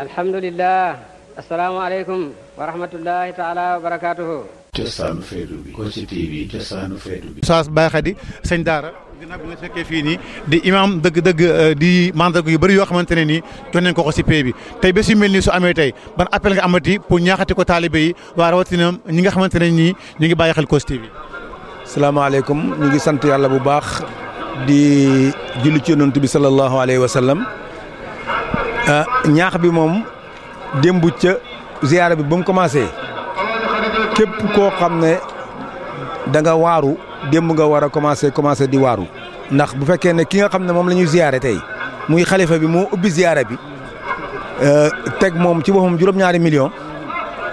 alhamdulilah asalaamaaleykum wa rahmatullahi taala wa barakaatuhu cosaanu feetu bi Kossy TV cosaanu feetu bi saas Baye Khady sëñ fekkee fii nii di imam dëgg-dëgg euh, di mandarga yu bëri yoo xamante ne nii jox nañ si pay bi tey bés su mel nii su amee tey ban appel nga amati pour ñaaxati ko taalibe yi waa rawatina ñi nga xamante ne nii ñu ngi bàyyi xel Kossy TV salaamaaleykum ñu ngi sant yàlla bu baax di julli ci yonent bi sallallahu alayhi wa Euh, ñaax bi moom démb ca ziyaara bi ba mu commencé képp koo xam ne da nga waaru démb nga war a commencé commencé di waaru ndax bu fekkee ne ki nga xam ne moom la ñuy ziyaare tey muy xalifa bi moo ubbi ziyaara bi euh, teg moom ci boppam juróom-ñaari million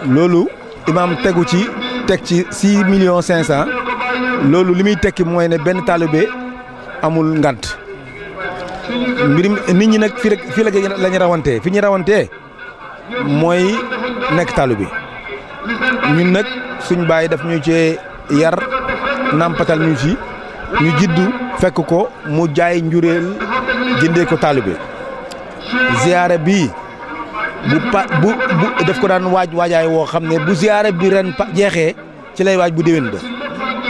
loolu imaam tegu ci teg ci six million cinq cent loolu li muy tekki mooy ne benn taalibe amul ngant mbirum nit ñi nag fii rek fii la ñu rawantee fi ñu rawantee mooy nekk taalu bi ñun nag suñ baay daf ñu cee yar nàmpatal ñu ci ñu jiddu fekk ko mu jaay njureel jëndee ko taalu bi ziyaara bii bu pa bu bu ko daan waaj waajaay woo xam ne bu ziyaara bi ren pa jeexee ci lay waaj bu déwén ba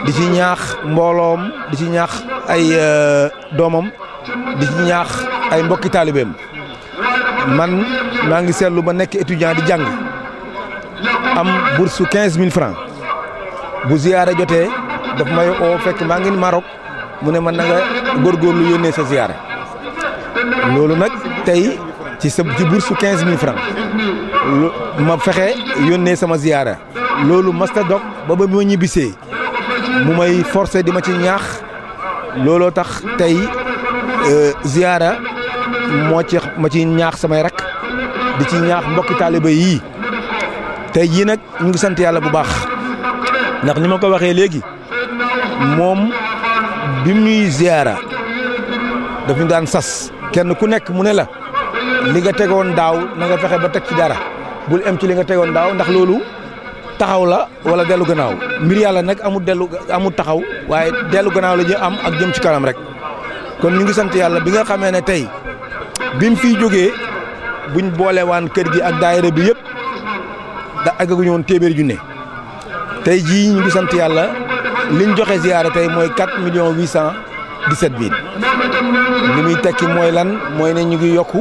di ci ñaax mbooloom di ci ñaax ay euh, doomam di ñaax ay mbokki taalibeem man maa ngi seetlu ba nekk étudiant di jàng am bourse quinze mille francs bu ziyaara jotee daf may oo fekk maa ngi Maroc mu ne man na nga góorgóorlu yónnee sa ziyaara loolu nag tey ci sa ci bourse quinze mille francs ma fexe yónnee sama ziyaara loolu masta dog ba ba ma ñibbisee mu may forcé di ma ci ñaax looloo tax tey Euh, ziara mo ci ma ci ñaax samay rak di ci ñaax mbokk talibé yi tey yi nak ñu ngi sant yalla bu baax ndax nima ko waxé légui mom bi muy ziara daf ñu daan sas kenn ku nekk mu ne la li nga tégon daaw na nga fexé ba tek ci dara bul em ci li nga tégon daaw ndax lolu taxaw la wala delu gannaaw mbir yalla nak amu delu amu taxaw waye delu gannaaw la am ak jëm ci kanam rek kon ñu ngi sant yàlla bi nga xamee ne tey bi mu fiy jógee buñ boolewaan kër gi ak daayira bi yëpp da aggaguñu woon téeméer ne tey jii ñu ngi sant yàlla liñ joxe ziyaara tey mooy 4 millions 817 mille li muy tekki mooy lan mooy ne ñu ngi yokku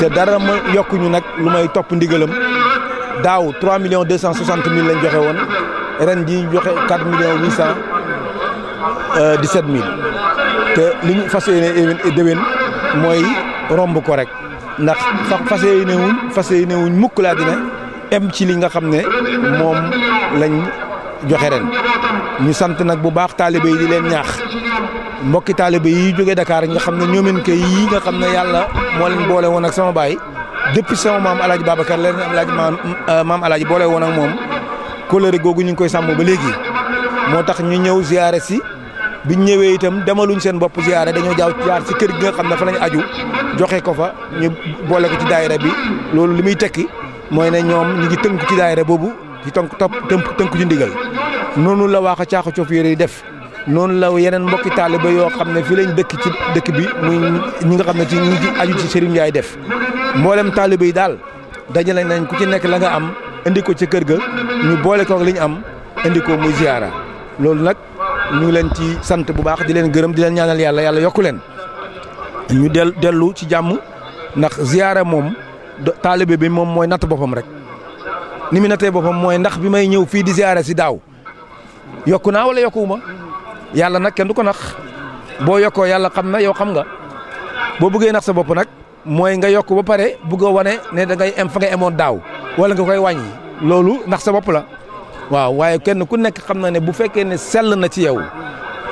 te dara ma yokkuñu nag lu may topp ndigalam daaw 3 millions 260 mille lañ joxe woon ren jii ñu joxe 4 millions 817 euh, mille te li ñu fas yéene déwén mooy romb ko rek ndax fas yéene wuñ fas yéene wuñ mukk laa dina em ci li nga xam ne moom lañ joxe ren ñu sant nag bu baax taalibe yi di leen ñaax mbokki taalibe yi jóge Dakar nga xam ne ñoomen kay yi nga xam ne yàlla moo leen boole woon ak sama baay dëpp sama maam El Hadj Babacar leen maam euh, maam El boole woon moom kóllëre googu ñu ngi koy sàmm ba léegi moo tax ñu ñëw ziyaare si biñ ñëwee itam demaluñ seen bopp ziyaare dañoo jaaw jaar ci kër gi nga xam ne fa lañ aju joxe ko fa ñu boole ko ci daayira bi loolu li muy tekki mooy ne ñoom ñu ngi tënku ci daayira boobu ci tënk topp tënku ci ndigal noonu la wax a caaxu cof yére yi def noonu la yeneen mbokki taaliba yoo xam ne fii lañ dëkk ci dëkk bi muy ñi nga xam ne ci ñi ci aju ci Serigne Ndiaye def mboolem taaliba yi daal dajale nañ ku ci nekk la nga am indi ko ci kër ga ñu boole ko ak li ñu am indi ko muy ziyaara loolu nag ñu ngi leen ci sant bubaax di leen gërëm di leen ñaanal yàlla yàlla yokku leen ñu dellu ci jàmm ndax ziyaara moom taalibe bi moom mooy natt boppam rek ni mu nattee boppam mooy ndax bi may ñëw fii di ziyaara si daaw yokku naa wala yokkuwuma yàlla nag kenn du ko nax boo yokkoo yàlla xam na yow xam nga boo buggee nax sa bopp nag mooy nga yokk ba pare bëgg wane ne dangay ngay em fa nga emoon daaw wala nga koy wàññi loolu nax sa bopp la. waaw waaye kenn ku nekk xam na ne bu fekkee ne sell na ci yow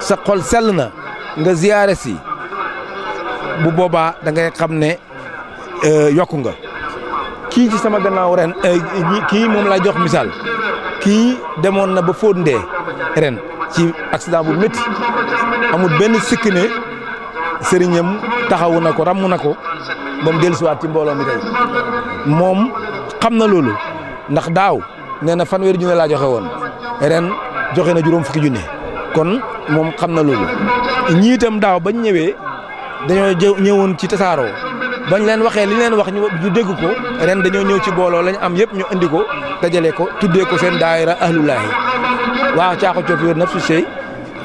sa xol sell na nga ziyaare si bu boobaa dangay xam ne euh, yokku nga kii ci sama gannaaw ren euh, kii moom laa jox misaal kii demoon na ba fóot Fodé ren ci accident bu métti amul benn sikk ne sëriñam taxawu na ko ràmm na ko moom dellusiwaat ci mbooloo mi tey moom xam na loolu ndax daaw. nee na fanweeri junne laa joxe woon ren joxe na juróom fukki junne kon moom xam na loolu ñii itam daaw bañ ñëwee dañoo ñëwoon ci tasaaroo bañ leen waxee li leen wax ñu dégg ko ren dañoo ñëw ci booloo lañ am yëpp ñu indi ko dajale ko tuddee ko seen daayira ahlulaahi waaw caaxo coof yor naf su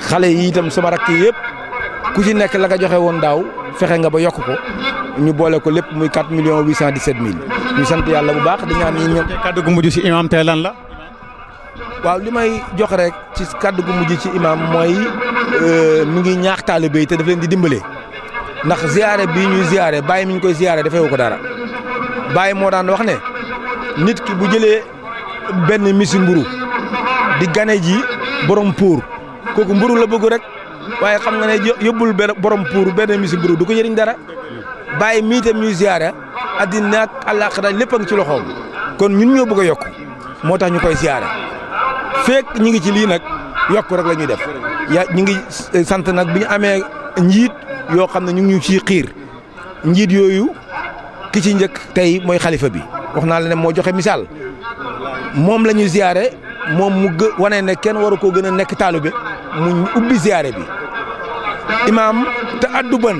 xale yi itam sama rakk yëpp ku ci nekk la joxe woon daaw fexe nga ba yokk ko ñu boole ko lépp muy 4 millions 817 mille ñu sant yàlla bu baax di ñaan ñi ñoom. kàddu gu mujj ci imam tey lan waaw li may jox rek ci kadd gu mujj ci imam mooy euh, mi ngi ñaax taalibe yi te daf leen di dimbale ndax ziyaare bii ñuy ziyaare bàyyi mi ñu koy ziyaare dafewu ko dara bàyyi moo daan wax ne nit ki bu jëlee benn misi mburu di gane ji borom pour kooku mburu la bëgg rek. waaye xam nga ne yóbbul benn borom pour benn si mburu du ko jëriñ dara bàyyi mii tam ñuy ziyaara addina ak àllaaxira lépp a ngi ci loxoom kon ñun ñoo bugg a yokk moo tax ñu koy ziyaara fekk ñi ngi ci lii nag yokk rek la ñuy def ya ñi ngi sant nag bi ñu amee njiit yoo xam ne ñu ngi ñu ciy xiir njiit yooyu ki ci njëkk tey mooy xalifa bi wax naa la moo joxe misaal moom lañuy ñuy moom mu gë wane ne kenn waru koo gën a nekk taalibe mu ubbi ziare bi imaam te addu bën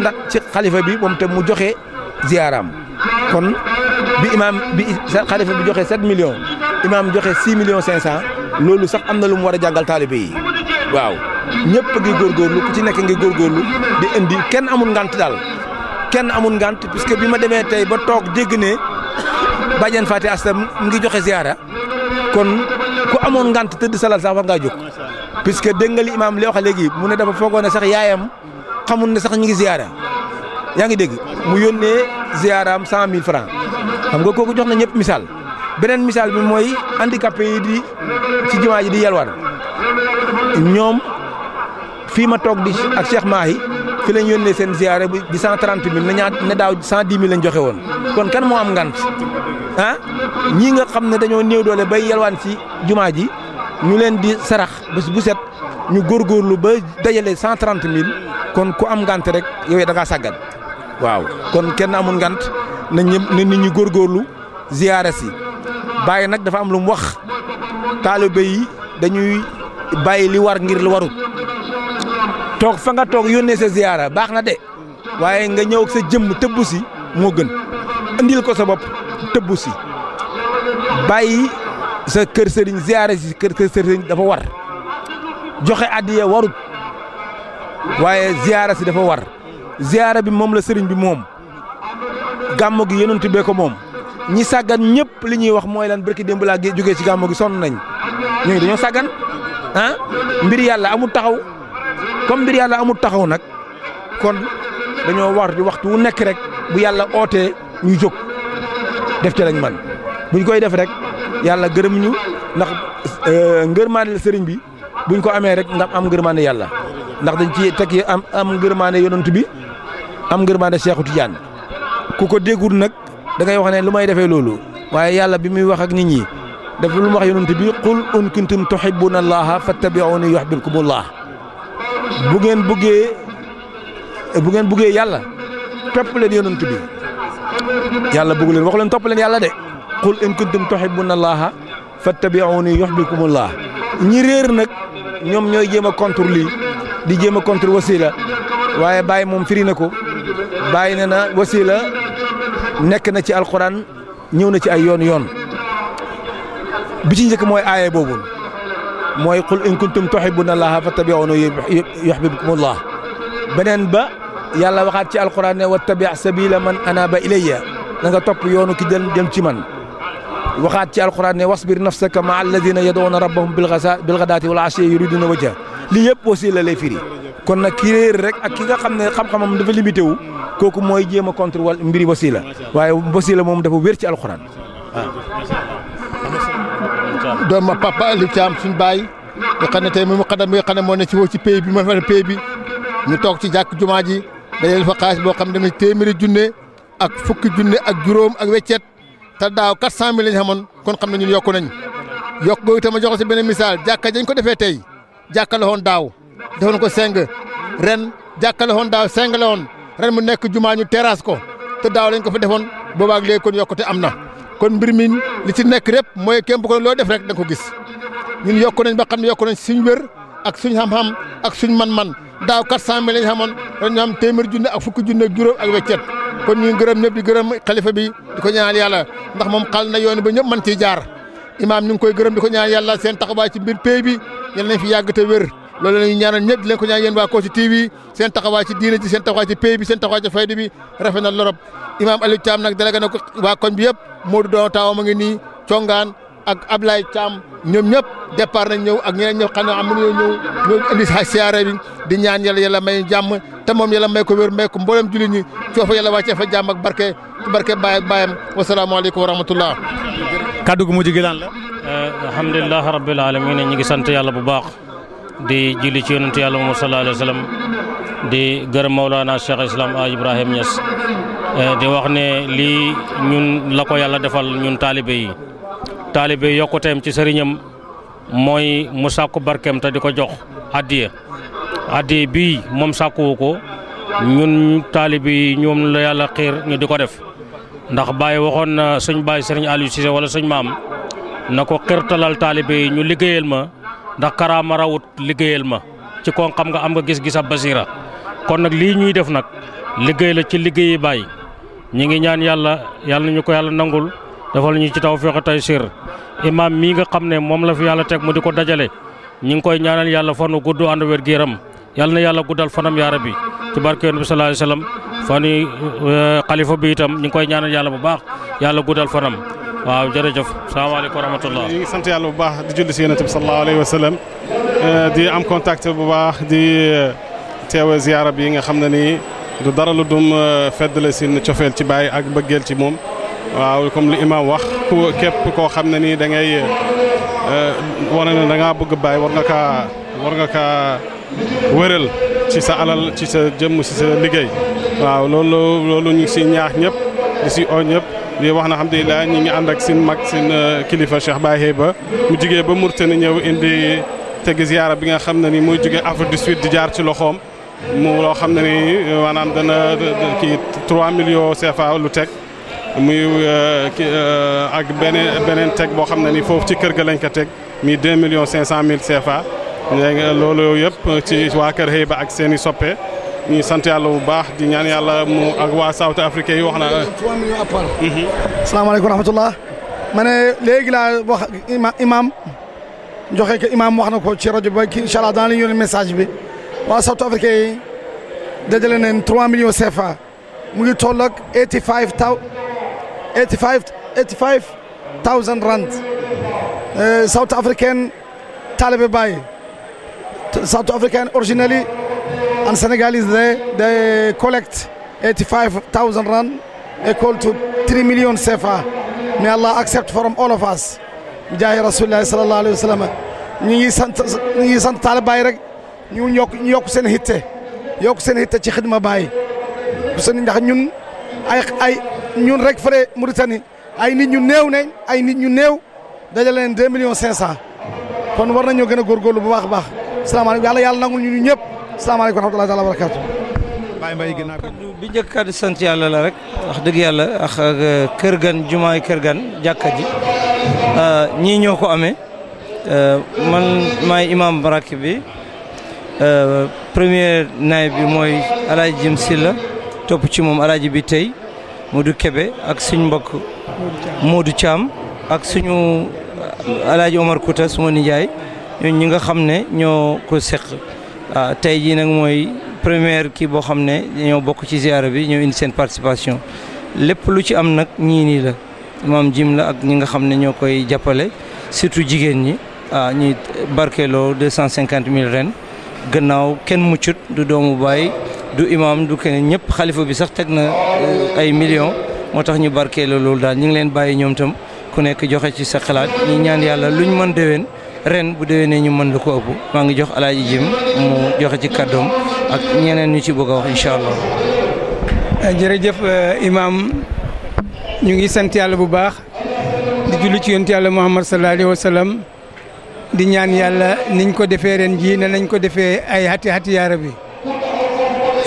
ndax ci xalifa bi moom te mu joxe ziaram kon bi imaam bi xalifa bi joxe 7 millions imaam joxe 6 millions 500 loolu sax am na lu mu war a jàngal taalibe yi waaw ñëpp ngi góorgóorlu ku ci nekk ngi góorgóorlu di indi kenn amul ngant daal kenn amul ngant que bi ma demee tey ba toog dégg ne bàjjen Faati Asta mu ngi joxe ziara kon. amone ngant tëdd salaat sax war nga juk puisque dégg imam li waxa legui mune dafa fogone sax yaayam xamul ne sax ñi ngi ziyaara ya ngi deg mu yónnee ziyaaraam 100000 francs xam nga koku jox na ñepp misal benen misal bi moy handicapé yi di ci jumaaji di yelwar ñom fi ma tok di ak Cheikh Mahi fi lañ yónnee seen ziare bi cent trente mille na ñaar ne daaw cent dix mille lañ joxe woon kon kenn moo am ngant ah ñii nga xam ne dañoo néew doole bay yalwaan ci jumaa ji ñu leen di sarax bés bu set ñu góor góorgóorlu ba dajale cent trente mille kon ku am ngant rek yow da ngaa sàggan waaw kon kenn amul ngant na ñëpp na nit ñi góorgóorlu ziare si bàyyi nag dafa am lu mu wax taalibe yi dañuy bàyyi li war ngir lu warut. toog fa nga toog yónnee sa ziyaara baax na de waaye nga ñëw sa jëmm tëbb si moo gën indil ko sa bopp tëbb si bàyyi sa kër sëriñ ziyaara si kër kër sëriñ dafa war joxe addiya warut waaye ziyaara si dafa war ziyaara bi moom la sëriñ bi moom gàmmu gi yonent bee ko moom ñi sàggan ñëpp li ñuy wax mooy lan bërki démb laa jógee ci gàmmu gi sonn nañ ñooñu dañoo sàggan ah mbir yàlla amul taxaw comme mbir yàlla amul taxaw nag kon dañoo war di waxtu wu nekk rek bu yàlla ootee ñu jóg def ci lañ man buñ koy def rek yàlla gërëm ñu ndax euh, ngërmaane sëriñ bi buñ ko amee rek ndax am ngërmaane yàlla ndax dañ ci teg am am ngërmaane yonent bi am ngërmaane Seexu Tijaan ku ko déggul nag dangay wax ne lu may defee loolu waaye yàlla bi muy wax ak nit ñi daf lu mu wax yonent bi qul in kuntum tuhibbuna allaha fattabi'uni yuhibbukumullah bu ngeen bëggee bu ngeen bëggee yàlla topp leen yonent bi yàlla bëgg leen waxu leen topp leen yàlla de qul in kuntum tuhibbuna allaha fattabi'uni yuhbibkumullah ñi réer nag ñoom ñooy jéem a contre lii di jéem a contre wasila waaye Baye moom firi na ko Baye ne na wasila nekk na ci alquran ñëw na ci ay yoon yoon bi ci njëkk mooy aaye boobu موي قل ان كنتم تحبون الله فاتبعوني يحببكم الله بنن با يالا وخات سي القران واتبع سبيل من اناب الي نغا توب يونو كي ديم ديم سي مان وخات سي القران واصبر نفسك مع الذين يدعون ربهم بالغداة بالغداة والعشي يريدون وجه لي ييب اوسي لا لي فري كون نا كيرير ريك اك كيغا خامني خام خامم دا فا ليميتيو كوكو موي جيما كونتر وال مبيري وسيله واي وسيله موم دا فا وير سي القران doom papa Aliou Thiam suñu baay nga xam ne tey mu xadam bi nga xam ne moo ne ci woo ci pays bi ma fa pays bi ñu toog ci jàkk jumaa ji dajale fa xaalis boo xam ne tamit téeméeri junne ak fukki junne ak juróom ak weccet te daaw 400000 lañ xamoon kon xam ne ñun yokku nañ yokk googu itam ma jox si benn misaal jàkka dañ ko defee tey jàkka la woon daaw defoon ko seng ren jàkka la woon daaw seng la woon ren mu nekk jumaa ñu terrasse ko te daaw lañ ko fa defoon boobaag léegi kon yokkute am na. kon mbir mi li ci nekk lépp mooy képp ko loo def rek da ko gis ñun yokku nañ ba xam ne yokku nañ suñ wér ak suñ xam-xam ak suñ man-man daaw 400 mille la ñu xamoon doon am téeméer junne ak fukki junne ak juróom ak weccet kon ñu gërëm ñëpp di gërëm xalifa bi di ko ñaanal yàlla ndax moom xal na yoon ba ñëpp mën ciy jaar imaam ñu ngi koy gërëm di ko ñaanal yàlla seen taxawaay ci mbir pay bi yal nañ fi yàgg te wér loolu lañu ñaanal ñepp di leen ko ñaan wa ko ci TV seen taxawaay ci diine ci seen taxawaay ci pays bi seen taxawaay ci fayda bi rafetal lorop imam ali cham nak délégué nak wa koñ bi yëpp Modou do taw ma ngi ni ciongan ak Ablaye cham ñom ñëpp départ nañ ñew ak ñeneen ñu xana ne am nañoo ñëw ñëw indi siyaare bi di ñaan yalla yalla may jamm te mom yalla may ko wër may ko mbolam jullit ñi foofu yalla wacce fa jamm ak barke barke bay ak Bayam alaykum wa rahmatullah. kaddu gu mujj lan la. alhamdulilah rabbil alamin ñi ngi sant yalla bu baax di julli ci yonentu yàlla Muhammad sallallahu alayhi wa sallam di gërëm Mawlana Cheikh Islam a Ibrahim Niass eh, di wax ne lii ñun la ko yàlla defal ñun taalibe yi taalibe yi yokkuteem ci sëriñam mooy mu sàkku barkeem te di ko jox addiye addiye bii moom sàkkuwu ko ñun taalibe yi ñoom la yàlla xiir ñu di ko def ndax Baye waxoon na suñ Baye sëriñ Aliou Cissé wala suñ maam na ko xirtalal taalibe yi ñu liggéeyal ma ndax karaama rawut liggéeyal ma ci kon xam nga am nga gis gisab ab basira kon nag lii ñuy def nag liggéey la ci liggéeyi bàyyi ñu ngi ñaan yàlla yàlla nañu ko yàlla nangul defal ñu ci taw fexe tay sir imaam mii nga xam ne moom la fi yàlla teg mu di ko dajale ñu ngi koy ñaanal yàlla fanu gudd ànd wér gi yaram yàlla na yàlla guddal fanam yaara bi ci barke yoon bi sallallahu alayhi wasallam fani eh, xalifa bi itam ñu ngi koy ñaanal yàlla bu baax yàlla guddal fanam واو جرجف السلام عليكم ورحمه الله سنت يالو باه دي جلسي النبي صلى الله عليه وسلم دي ام كونتاكت بو باه دي تيوا زياره بيغا خمنني دو دار لو دوم فد لا سين تشوفل تي باي اك بغيل تي موم واو كوم لي امام واخ كيب كو خمنني دا غاي وانا دا غا بغ باي ورغا كا ورغا كا ويرل تي سا علال تي سا جيم سي سا ليغي واو لولو لولو ني سي نياخ نيب دي سي او نيب di wax na alhamdulilah ñi ngi ànd ak seen mag seen kilifa Cheikh Baye Heba mu jige ba Mauritanie ñëw indi tegg ziyaara bi nga xamna ni moy jige Afrique du Sud di jaar ci loxom mu lo xamna ni manam dana ki 3 millions CFA lu tek muy ak benen benen tek bo xamna ni fofu ci kër ga lañ ko tek mi 2 millions 500 mille CFA léegi loolu yëpp ci wa kër Heba ak seeni soppe ñu sant yàlla bu baax di ñaan yàlla mu ak waa South Africa yi wax na. 3 millions à part. asalaamaaleykum wa rahmatulah. ma ne léegi laa wax imam joxe ko imam wax na ko ci rajo bi kii incha allah dana leen yónni message bi waa South Africa yi dajale neen 3 millions CFA mu ngi toll ak 85 taw 85 85 thousand rand South African taalibe Baay South African originally and Senegalese they, they collect 85,000 rand equal to 3 million sefa may Allah accept from all of us jaahi rasulillah sallallahu alayhi wa sallam ñu ngi sant ñu ngi sant taalibaay rek ñu yokk ñu yokk seen hitte yokk seen hitte ci xidma baay seen ndax ñun ay ay ñun rek fële Mauritanie ay nit ñu néew ne ay nit ñu néew dajale leen deux millions cinq cent kon war nañoo gën a góorgóorlu bu baax a baax salaamaaleykum yàlla yàlla nangul ñu ñëpp salaamaaleykum wa rahmatullaahi taala wa barakaatu. Baye bi njëkk sant yàlla la rek. wax dëgg yàlla ak uh, kër gan jumaay kër gan jàkka ji uh, ñii ñoo ko ame uh, man maay imam barak bi premier naay bi mooy El Hadj Jim topp ci moom El Hadj bi tey Modou Kebe ak suñ mbokk Modou Thiam ak suñu El Hadj Omar Kouta suma nijaay ñooñu ñi nga xam ne ñoo ko seq. Ah, tey jii nag mooy première kii boo xam ne ñoo bokk ci ziara bi ñoo indi seen participation lépp lu ci am nag ñii nii la maam jim la ak ñi nga xam ne ñoo koy jàppale surtout jigéen ñi ah, ñi barkeeloo deux cent cinquante mille ren gannaaw kenn muccut du doomu baay du imam du keneen ñëpp xalifa bi sax teg na eh, ay millions moo tax ñu barkeeloo loolu daal ñu ngi leen bàyyi ñoom tam ku nekk joxe ci sa xalaat ñi ñaan yàlla luñ mën déwén ren bu déwénee ñu mën lu ko ëpp maa ngi jox alaaji jëm mu joxe ci kàddoom ak ñeneen ñu ci bëgg a wax incha allah. Eh, jërëjëf eh, imaam ñu ngi sant yàlla bu baax di julli ci yonent yàlla Muhammad sallallahu alayhi wa di ñaan yàlla niñ ko defee reen ji ne nañ ko defee ay hati hati yaara bi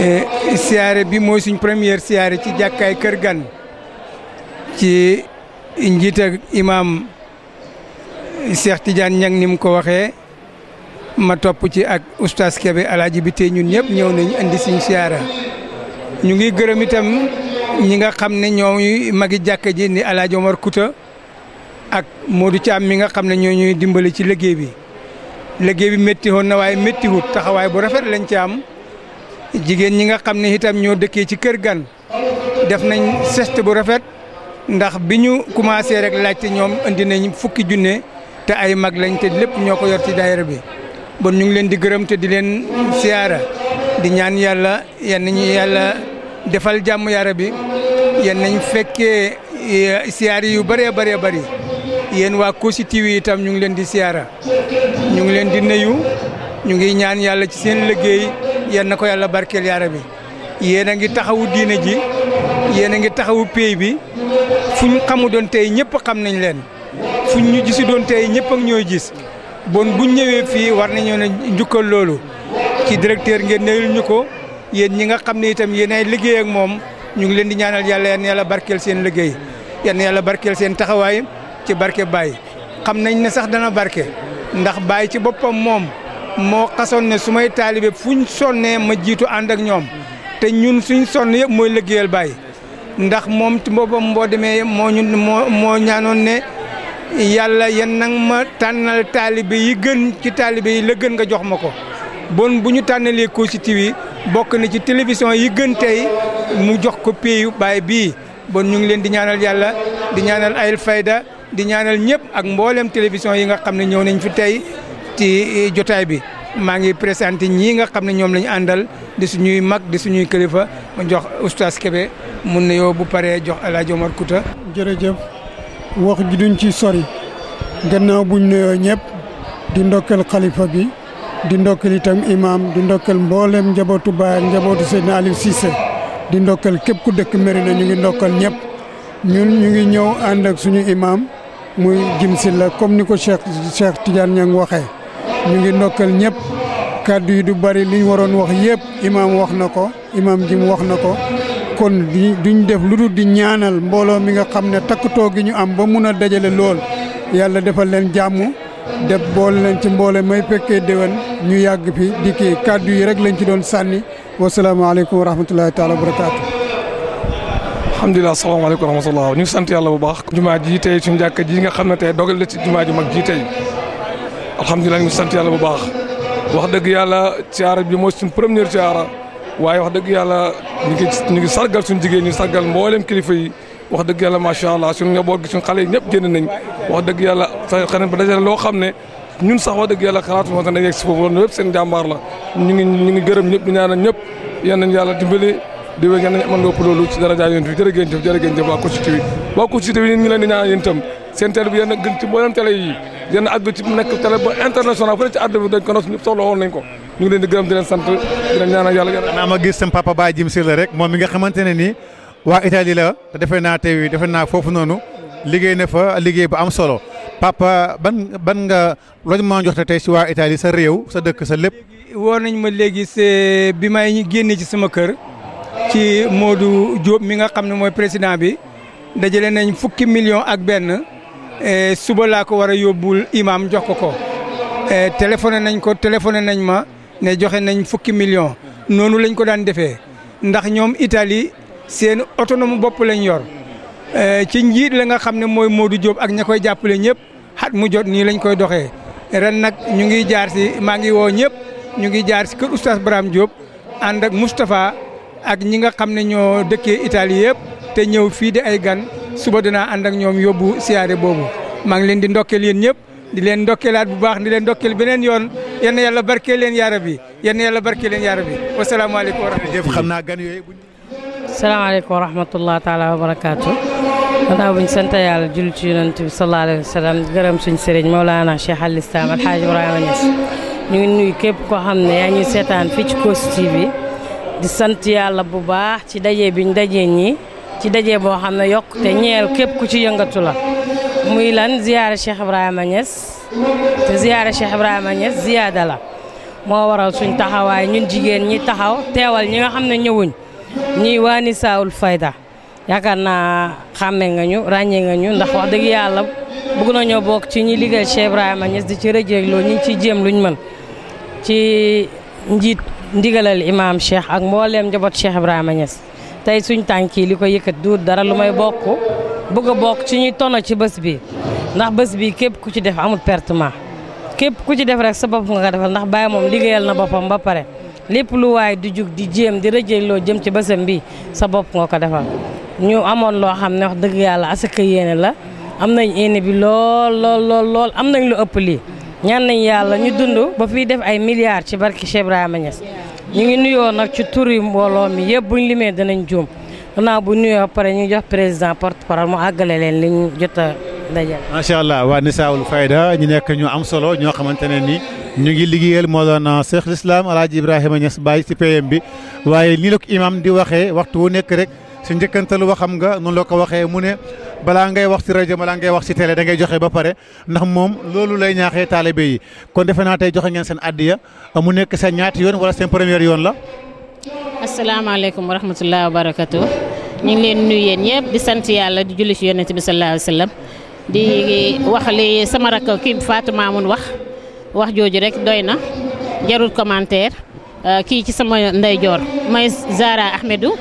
eh, siyaare bi mooy suñ première siyaare ci jàkkaay kër gan ci njiit imaam. Cheikh Tidiane ñang ni mu ko waxee ma topp ci ak oustaz kebe alaaji bi tey ñun ñëpp ñëw nañu indi suñu siyaara ñu ngi gërëm itam ñi nga xam ne ñooy magi jàkka ji ni alaaji Omar Kouta ak moo Modou Thiam mi nga xam ne ñoo ñuy dimbali ci liggéey bi liggéey bi métti woon na waaye métti taxawaay bu rafet lañ ci am jigéen ñi nga xam ne itam ñoo dëkkee ci kër gan def nañ geste bu rafet ndax bi ñu commencé rek laajte ñoom indi nañ fukki junne te ay mag lañ te lépp ñoo ko yor ci daayira bi bon ñu ngi leen di gërëm te di leen siyaara di ñaan yàlla yan nañu yàlla defal jàmm yara bi yan nañ fekkee eh, siyaar yu bëree bëree bëri yéen waa Kossy TV itam ñu ngi leen di siyaara ñu ngi leen di nuyu ñu ngi ñaan yàlla ci seen liggéey yan na ko yàlla barkeel yara bi yéen a ngi taxawu diine ji yéen a ngi taxawu pays bi fu xamu doon tey ñëpp xam nañ leen fuñ ñu gisi doon tey ñëpp ak ñooy gis bon buñ ñëwee fii war nañoo ne njukkal loolu ci directeur ngeen newul ñu ko yéen ñi nga xam ne itam yéen ay liggéey ak moom ñu ngi leen di ñaanal yàlla yan yàlla barkeel seen liggéey yan yàlla barkeel seen taxawaay ci barke Baye xam nañ ne sax dana barke ndax Baye ci boppam moom moo xasoon ne su may taalibe fuñ sonnee ma jiitu ànd ak ñoom te ñun suñ sonn yëpp mooy liggéeyal bay ndax moom ci boppam moo ñun moo moo ñaanoon ne yàlla yan nan ma tànnal taalibe yi gën ci taalibe yi la gën nga jox ma ko bon bu ñu tànnalee Kossy TV bokk na ci télévision yi gën tey mu jox ko péeyu baay bii bon ñu ngi leen di ñaanal yàlla di ñaanal Al Fayda di ñaanal ñëpp ak mboolem télévision yi nga xam ne ñëw nañ fi tey ci eh, jotaay bi maa ngi présenté ñii nga xam ne ñoom la ñu àndal di ñuy mag di suñuy këlifa mu jox oustaz kebe mun na yow bu paree jox El Hadj Omar Kouta jërëjëf wax ji duñ ci sori gannaaw buñ nuyoo ñëpp di ndokkal xalifa bi di ndokkal itam imam di ndokkal mboolem njabootu baay ak njabootu Seydina Aliou sise di ndokkal kep ku dëkk Mérina ñu ngi ndokkal ñëpp ñun ñu ngi ñëw ànd ak suñu imam muy jim si comme ni ko Cheikh Cheikh Tidiane ñang waxee ñu ngi ndokkal ñëpp kàddu yi du bari ñu waroon wax yep imam wax na imam jim wax na kon duñ def lu dul di ñaanal mbooloo mi nga xam ne takkutoo gi ñu am ba mun a dajale lool yàlla defal leen jàmm def bool leen ci mboole may fekkee déwén ñu yàgg fi di kii kàddu yi rek lañ ci doon sànni wasalaamaaleykum wa rahmatulahi taala wa barakaatu. alhamdulilah salaamaaleykum wa rahmatulah ñu sant yàlla bu baax. jumaa ji tey suñu jàkka ji nga xam ne tey dogal la ci jumaa ji mag ji tey alhamdulilah ñu sant yàlla bu baax wax yàlla caara bi mooy suñu première caara. waaye wax dëgg yàlla ñu ngi ñu ngi sargal suñu jigéen ñi sargal mboolem kilifa yi wax dëgg yàlla macha allah suñu njaboot gi suñu xale yi ñëpp génn nañ wax dëgg yàlla sa xanaa loo xam ne ñun sax wax dëgg yàlla xalaatu ma dañuy si foofu loolu yëpp seen jàmbaar la ñu ngi ñu ngi gërëm ñëpp di ñaanal ñëpp yal nañ yàlla dimbali di wéy yal nañ amal lépp loolu ci dara jaay yéen fi jërë ngeen jëf jërë ngeen jëf waa ci mboolem télé yi yéen a ci nekk télé ba international fu ci àdduna bi dañ ko nos ko ñu ngi leen di gërëm di leen sant di leen ñaanal gis sama papa Jim si la rek moom mi nga xamante nii waa Italie la te defe naa tey defe naa foofu noonu liggéey na fa liggéey bu am solo papa ban ban nga looñ maa jox tey si waa Italie sa réew sa dëkk sa lépp. woo nañ ma léegi c'est bi may génnee ci sama kër ci du Diop mi nga xam ne mooy président bi dajale nañ fukki million ak benn suba laa ko war a yóbbul imaam jox ko ko nañ ko téléphoné nañ ma. ne joxe nañ fukki million noonu lañ ko daan defee ndax ñoom itali seen autonome bopp lañ yor eh, ci njiit la nga xam ne mooy moodu Diop ak ña koy jàppale ñëpp xat mu jot nii lañ koy doxee ren nag ñu ngi jaar si maa ngi woo ñëpp ñu ngi jaar si kër oustaz Braham Diop ànd ak Moustapha ak ñi nga xam ne ñoo dëkkee itali yëpp te ñëw fii di ay gan suba dinaa ànd ak ñoom yóbbu siyaare boobu maa ngi leen di ndokkeel yéen ñëpp. di leen ndokkeelaat bu baax di leen ndokkeel beneen yoon yenn yàlla barkeel leen yaara bi yenn yàlla barkeel leen yaara bi wasalaamaaleykum wa rahmatulah. jërëjëf xam naa gan yooyu. salaamaaleykum wa rahmatulah taalaa wa barakaatu. gannaaw bu ñu sant yàlla julli ci yonent bi sallallahu alayhi wa sallam gërëm suñu sëriñ Mawlana Cheikh Al Islam Al Hadj Ibrahima Niass ñu ngi nuyu képp koo xam ne yaa ngi seetaan fii ci Kossy TV di sant yàlla bu baax ci daje bi ñu daje ñi ci daje boo xam ne yokkute ñeel képp ku ci yëngatu la. muy lan ziyaara Cheikh Ibrahima Niass te ziyaara Cheikh Ibrahima Niass ziyaada la moo waral suñ taxawaay ñun jigéen ñi taxaw teewal ñi nga xam ne ñëwuñ ñuy waani saawul Fayda yaakaar naa xàmme nga ñu ràññee nga ñu ndax wax dëgg yàlla bëgg nañoo bok ci ñi liggéey Cheikh Ibrahima Niass di ci rëjéeg loolu ñu ngi ciy jéem luñ mën ci njiit ndigalal imaam Cheikh ak mboolem njaboot Cheikh Ibrahima Niass tey suñ tànk ko yëkkat duut dara lu may bëgg a bokk ci ñuy ci bés bi ndax bés bi képp ku ci def amut pertement képp ku ci def rek sa bopp nga defal ndax Baye moom liggéeyal na boppam ba pare lépp lu waay di jug di jéem di loo jëm ci bésam bi sa bopp nga ko defal ñu amoon loo xam ne wax dëgg yàlla asaka yéene la am nañ yéene bi lool lool lool am nañ lu ëpp lii ñaan nañ yàlla ñu dund ba fii def ay milliards ci barki Cheikh Ibrahima Niass ñu ngi nuyoo nag ci turi mbooloo mi yëpp buñ limee danañ juum xanaa bu nuyoo pare ñu jox président porte paral mu àggale leen li ñu jot a dajal. macha allah waa Nisaawul Fayda ñu nekk ñu am solo ñoo xamante ne nii ñu ngi liggéeyal Mawlana Cheikh Islam El Hadj Ibrahima Niass Baye ci PM bi waaye nii la ko imam di waxee waxtu wu nekk rek su njëkkantalu waxam nga noonu la ko waxee mu ne. balaa ngay wax ci rajo balaa ngay wax ci télé da ngay joxe ba pare ndax moom loolu lay ñaaxee taalibe yi kon defe naa tey joxe ngeen seen addiya mu nekk seen ñaati yoon wala première yoon la. asalaamaaleykum wa rahmatulah wa barakatu ñu ngi leen nuyu yéen ñëpp di sant yàlla di julli ci yonent bi sallallahu alayhi wa di wax li sama rakk kii Fatou Mamoun wax wax jooju rek doy na jarul commentaire euh, kii ci sama ndeyjoor mooy Zara Ahmedou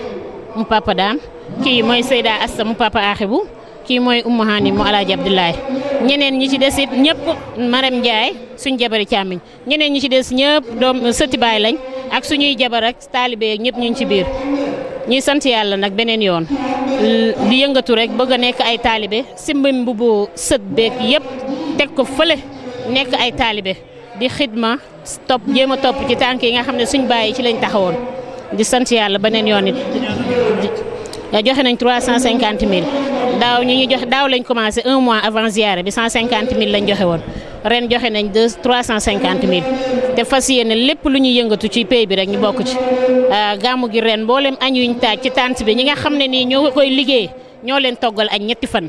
mu papa daam kii mooy Seyda Assa mu papa Axibu kii mooy Oumou Hani mu Alaaji Abdoulaye ñeneen ñi ci des it ñëpp Marème Ndiaye suñ jabari càmmiñ ñeneen ñi ci des ñëpp doom sëti baay lañ ak suñuy jabar ak taalibe ak ñu ngi ci biir ñuy sant yàlla nag beneen yoon di yëngatu rek bëgg a nekk ay taalibe simbi mbubu sët beeg yëpp teg ko fële nekk ay taalibe di xidma topp jéem topp ci tànk yi nga xam ne suñ bàyyi ci lañ taxawoon di sant yàlla beneen yoon it joxe nañ 350 000 daaw ñu ñu jox daaw lañ commencé un mois avant ziare bi 150 000 lañ joxe woon ren joxe nañ deux trois cent cinquante mille te fas yéene lépp lu ñuy yëngatu ci pays bi rek ñu bokk ci euh, gàmmu gi ren mboolem añ yuñ taaj ci tant bi ñi nga xam ne nii ñoo koy liggéey ñoo leen toggal ak ñetti fan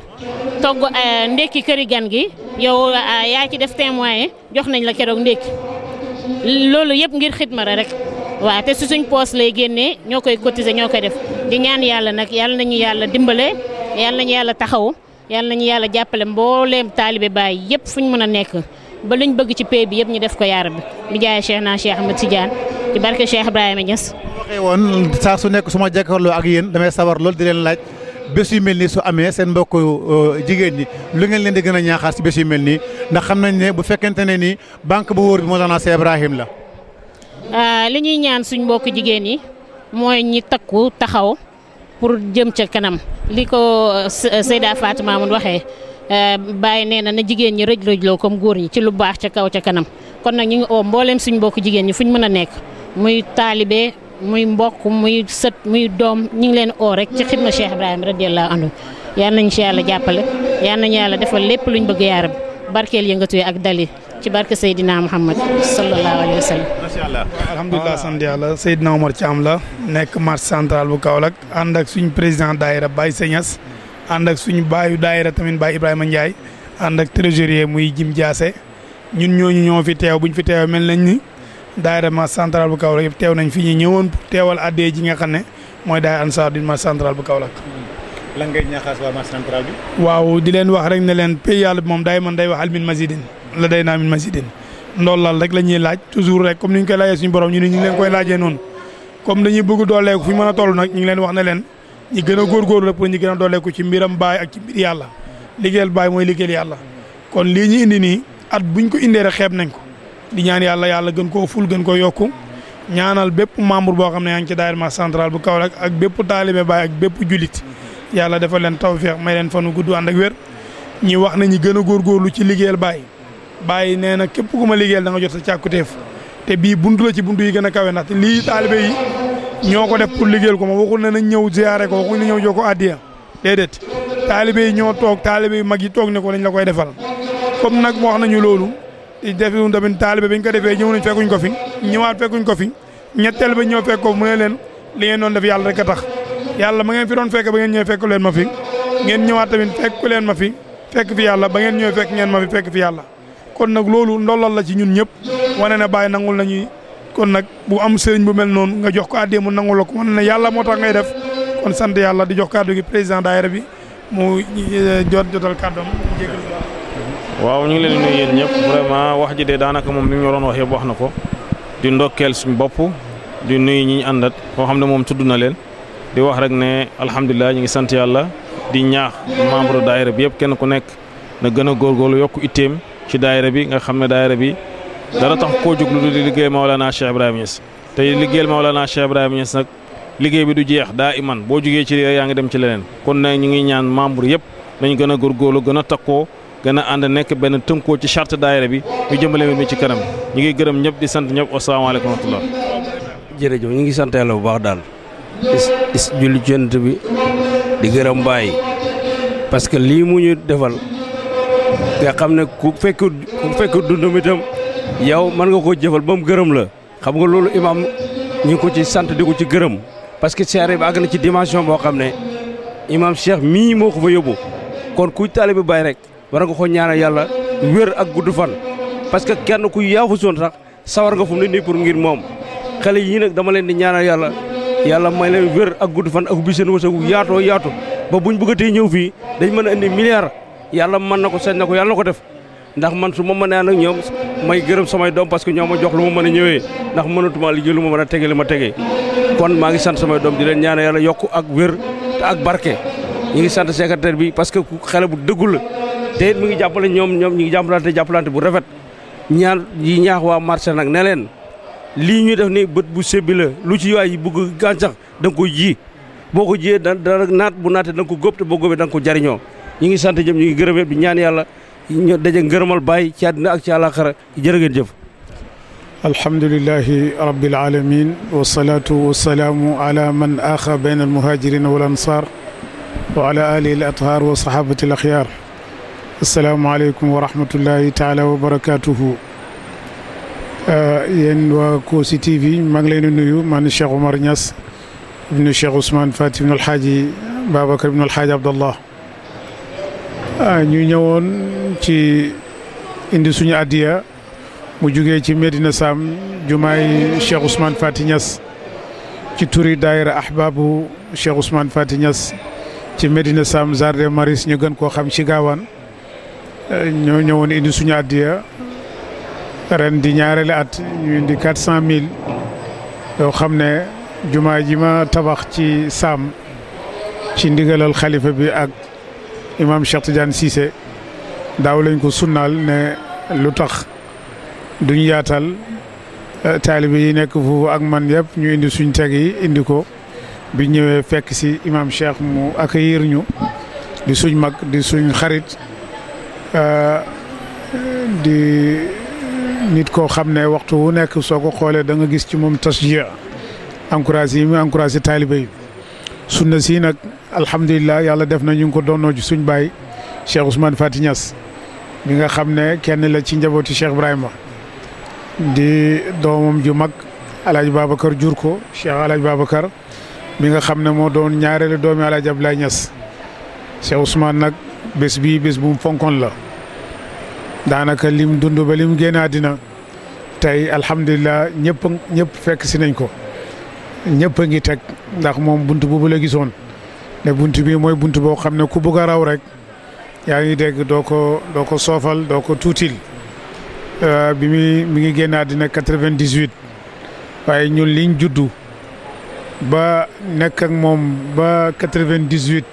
togg euh, ndekki këri gan gi yow euh, yaa ci def témoin jox nañ la keroog ndekki loolu yëpp ngir xidmara rek waaw te su suñ poos lay génnee ñoo koy cotiser ñoo koy def di ñaan yàlla nag yàlla nañu yàlla dimbale yàlla nañu yàlla taxaw yal nañu yalla jappalé mbooleem talibé bay yépp fuñ mëna mën nekk ba luñ bëgg ci pay bi yépp ñu def ko yaara bi mi jaay Cheikh na Cheikh Ahmed Tidiane ci barké Cheikh ibrahim Niass. waxé won sa su nekk suma ma ak yeen damay sawar lool di leen laaj bës yu melni su amé sen mbokk euh, jigéen ni lu ngeen leen di gëna ñaaxaar si yu melni ndax xam nañ né bu fekkenté né ni bank bu wóor bi mo dana Cheikh ibrahim la. ah liñuy ñaan suñ mbokk jigéen ni moy ñi takku taxaw. pour jëm ca kanam li ko uh, uh, seydaa Fatima Mamoun waxee uh, bàyyi nee na na jigéen ñi rëj rëjloo comme góor ñi ci lu baax ca kaw ca kanam kon nag ñu ngi o mbooleem suñ mbokk jigéen ñi fu ñu mën a nekk muy taalibe muy mbokk muy sët muy doom ñu ngi leen oo rek ci xidma Cheikh Ibrahima radiyallahu anhu yal nañ ci yàlla jàppale yal nañu yàlla defal lépp lu luñ bëgg yaaram barkeel yëngatu yi ak dali ci barke sayidina Muhammad sallallahu alaihi wasallam sallam. macha allah alhamdulilah sant yàlla Seydina Omar la nek marche central bu kaolak and ak suñu president daayira Baye seignas and ak suñu bayu daayira tamine Baye Ibrahima ndjay and ak trésorier muy Jim Diase ñun ñoñu ñoo fi tew buñ fi tew mel nañ ni central bu kaolak tew nañ fi ñi ñewon teewal adé ji nga xamné moy daay ansaar di central bu kaolak lan ngay ñaxas wa marché central bi. waaw di len wax rek ne len pay yalla mom day man day wax almin mazidin la day naa min masidin ndollal rek la ñuy laaj toujours rek comme ni ñu koy laajee suñu borom ñu ne ñu ngi leen koy laajee noonu comme dañuy bëgg dooleeku fu ñu mën a toll nag leen wax ne leen ñi gën a góorgóorlu la pour ñu gën a dooleeku ci mbiram baay ak ci yàlla liggéeyal baay mooy liggéeyal yàlla kon lii ñi indi nii at buñ ko indee rek xeeb nañ ko di ñaan yàlla yàlla gën koo ful gën koo yokku ñaanal bépp membre boo xam ne yaa ngi ci daayira central bu Kaolack ak bépp taalibe baay ak bépp julit yàlla defal leen tawfeex may leen fanu gudd ànd ak wér ñi wax ne ñi gën a góorgóorlu ci liggéeyal baay bàyyi nee na képp ku ma liggéeyal da nga jot sa càkkutéef te bii buntu la ci buntu yi gën a kawe ndax te lii taalibe yi ñoo ko def pour liggéeyal ko ma waxul ne nañ ñëw ziyaare ko waxuñ ne ñëw jox ko addiya déedéet taalibe yi ñoo toog taalibe yi mag yi toog ne ko dañ la koy defal comme nag wax nañu loolu di def tamit taalibe bi ñu ko defee ñëw nañ fekkuñ ko fi ñëwaat fekkuñ ko fi ñetteel ba ñëw ko mu ne leen li ngeen doon def yàlla rek a tax yàlla ma ngeen fi doon fekk ba ngeen ñëwee fekku leen ma fi ngeen ñëwaat tamit fekku leen ma fi fekk fi yàlla ba ngeen ñëwee fekk ngeen ma fekk fi yàlla kon nag loolu ndollal la ci ñun ñëpp wane na bàyyi nangul nañuy kon nag bu am sëriñ bu mel noonu nga jox ko addee mu nangul la ko wane ne yàlla moo tax ngay def kon sant yàlla di jox kàddu gi président daayira bi mu eh, jot jotal kàddoom waaw ñu ngi leen di nuyu yéen ñëpp vraiment wax ji de daanaka moom mi ñu waroon wax yëpp wax na ko di ndokkeel suñu bopp di nuyu ñi àndat koo xam ne moom tudd na leen di wax rek ne alhamdulilah ñu ngi sant yàlla di ñaax membre daayira bi yëpp kenn ku nekk na gën a góorgóorlu yokk itteem ci daayira bi nga xam ne daayira bi dara tax koo jóg lu dul di liggéey Maolana Cheikh Ibrahima Niass te liggéeyal Maolana Cheikh Ibrahima Niass nag liggéey bi du jeex daa iman boo jógee ci lii yaa ngi dem ci leneen kon nag ñu ngi ñaan membre yëpp nañ gën a góorgóorlu gën a takkoo gën a ànd nekk benn tënkoo ci charte daayira bi ñu jëmbale mi ci kanam ñu ngi gërëm ñëpp di sant ñëpp asalaamaaleykum wa rahmatulah. jërëjëf ñu ngi sant yàlla bu baax daal is julli bi di gërëm bàyyi parce nga xam ne ku fekk ku fekk dundam itam yow mën nga koo jëfal ba mu gërëm la xam nga loolu imaam ñu ngi ko ci sant di ko ci gërëm parce que seere bi àgg na ci dimension boo xam ne imaam Cheikh mii moo ko fa yóbbu kon kuy taalibe Baay rek war nga ko ñaanal yàlla wér ak gudd fan parce que kenn ku yaafusoon sax sawar nga fu mu ne nii pour ngir moom xale yii nag dama leen di ñaanal yàlla yàlla may leen wér ak gudd fan ak bi seen wërsëgu yaatoo yaatu ba buñ bëggatee ñëw fii dañ mën a indi milliard yalla man nako sen nako yalla nako def ndax man su ma mënee nag ñoom may gëreum samay dom parce que ñoma jox lu ma mën a ndax mënutuma li lu ma mën téggé tege li ma tege kon ma ngi sant samay dom di leen ñaan yalla yokku ak wër ak barké ñi ngi sant secrétaire bi parce que xalé bu dëggul la te mi ngi jappalé ñom ñom ñi ngi jàppalante jàppalante bu rafet ñaan yi ñaax wa marché nak ne leen li ñu def ni bëtt bu sébi la lu ci yoy yi bëgg gantax da nga ko ji boko jé jiyee da naat bu naatee da nga ko gopté bo gobé góobee da nga ko jariño ñu ngi sant jëm ñu ngi gërëm bi ñaan yàlla ñu daje ngërëmal bàyyi ci àddina ak ci àllaaxira jërë ngeen jëf الحمد لله رب العالمين والصلاة والسلام على من آخى بين المهاجرين والأنصار وعلى آله الأطهار وصحابة الأخيار السلام عليكم ورحمة الله تعالى وبركاته yéen waa Kossy TV maa ngi leen di nuyu man Cheikh Omar Niass ibnu Cheikh Ousmane Fati ibnu Alxaaji Babacar ibnu Alxaaji Abdallah Ah, ñu ñëwoon ci indi suñu addiya mu jógee ci Medina Sam jumaay Cheikh Ousmane Fati Niass ci turi daayira ahbabu Cheikh Ousmane Fati Niass ci Medina Sam Jardin Maris ñu gën koo xam ci gaawaan ñoo ñëwoon indi suñu addiya ren di ñaareelu at ñu indi quatre cent mille yoo xam ne jumaa ji ma tabax ci saam ci ndigalal xalifa bi ak imaam Cheikh Tidiane Cissé daaw lañ ko sunnaal ne lu tax duñ yaatal eh, taalibe yi nekk foofu ak man yëpp ñu indi suñ teg yi indi ko bi ñëwee fekk si imaam Cheikh mu accueillir ñu di suñ mag di suñ xarit eh, di nit koo xam ne waxtu wu nekk soo ko xoolee danga gis ci moom tasjia encouragé yi mu encouragé taalibe yi sunna si nag alhamdulilah yàlla def na ñu ko doon ci suñ baay Cheikh Ousmane Fati Niass mi nga xam ne kenn la ci njabootu Cheikh brahima di doomam ju mag Alaaji Babacar jur ko Cheikh Alaaji Babacar mi nga xam ne moo doon ñaareelu doomi Alaaji Abdoulaye Niass Cheikh Ousmane nag bés bii bés bu mu fonkoon la daanaka lim dund ba lim génn dina tey alhamdulilah ñëpp ñëpp fekk si nañ ko ñëpp a ngi teg ndax moom bunt boobu la gisoon ne bunt bi mooy bunt boo xam ne ku bëgg raw rek yaa ngi dégg doo ko doo ko soofal doo ko tuutil euh, bi muy mi ngi génn àddina quatre-vingt-dix-huit waaye ñun liñ juddu ba nekk moom ba quatre-vingt-dix-huit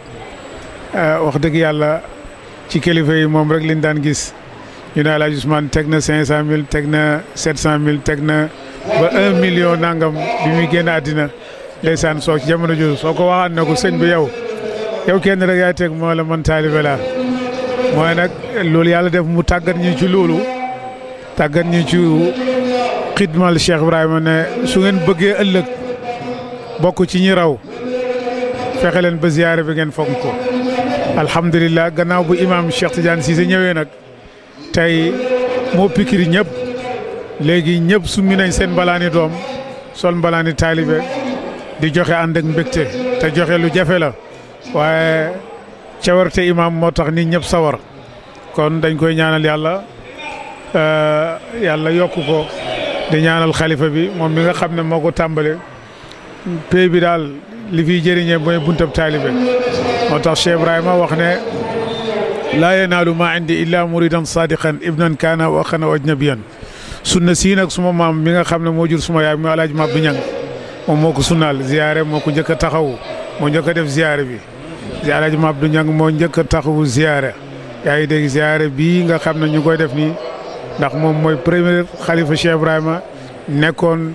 euh, wax dëgg yàlla ci kilifa yi moom rek liñ daan gis ñu ne Alaaji Ousmane teg na cinq cent mille teg na sept cent mille teg na ba un million nangam bi muy génn àddina ndeysaan soo ci jamono ju soo ko waxaan ko sëñ bi yow yow kenn rek yaay teg moo la man taalibe laa mooy nag loolu yàlla def mu tàggat ñu ci loolu tàggat ñu ci xidmal Cheikh Ibrahima ne su ngeen bëggee ëllëg bokk ci ñi raw fexe leen ba ziyaare bi ngeen fonk ko alhamdulilah gannaaw bu imaam Cheikh Tidiane Cissé ñëwee nag tey moo pikiri ñëpp léegi ñëpp summi nañ seen mbalaani doom sol mbalaani taalibe di joxe ànd ak mbégte te joxe lu jafe la waaye cawarte imaam moo tax nit ñëpp sawar kon dañ koy ñaanal yàlla euh, yàlla yokku ko di ñaanal xalifa bi moom mi nga xam ne moo ko tàmbale pay bi daal li fiy jëriñee mooy buntab taalibe moo tax Cheikh ma wax ne naa lu maa indi illaa muridan sadiqan ibnan kaana wa axan aw ajnabiyan sunna sii nag suma maam mi nga xam ne moo jur suma yaay mu alaaj ma bi ñang moom moo ko sunnaal ziyaare moo ko njëkk a taxawu moo njëkk def ziyaare bi ziyaare ji ma du Niang moo njëkk a taxawu ziyaare yaa ngi dégg ziyaare bii nga xam ne ñu koy def nii ndax moom mooy premier xalifa Cheikh Ibrahima nekkoon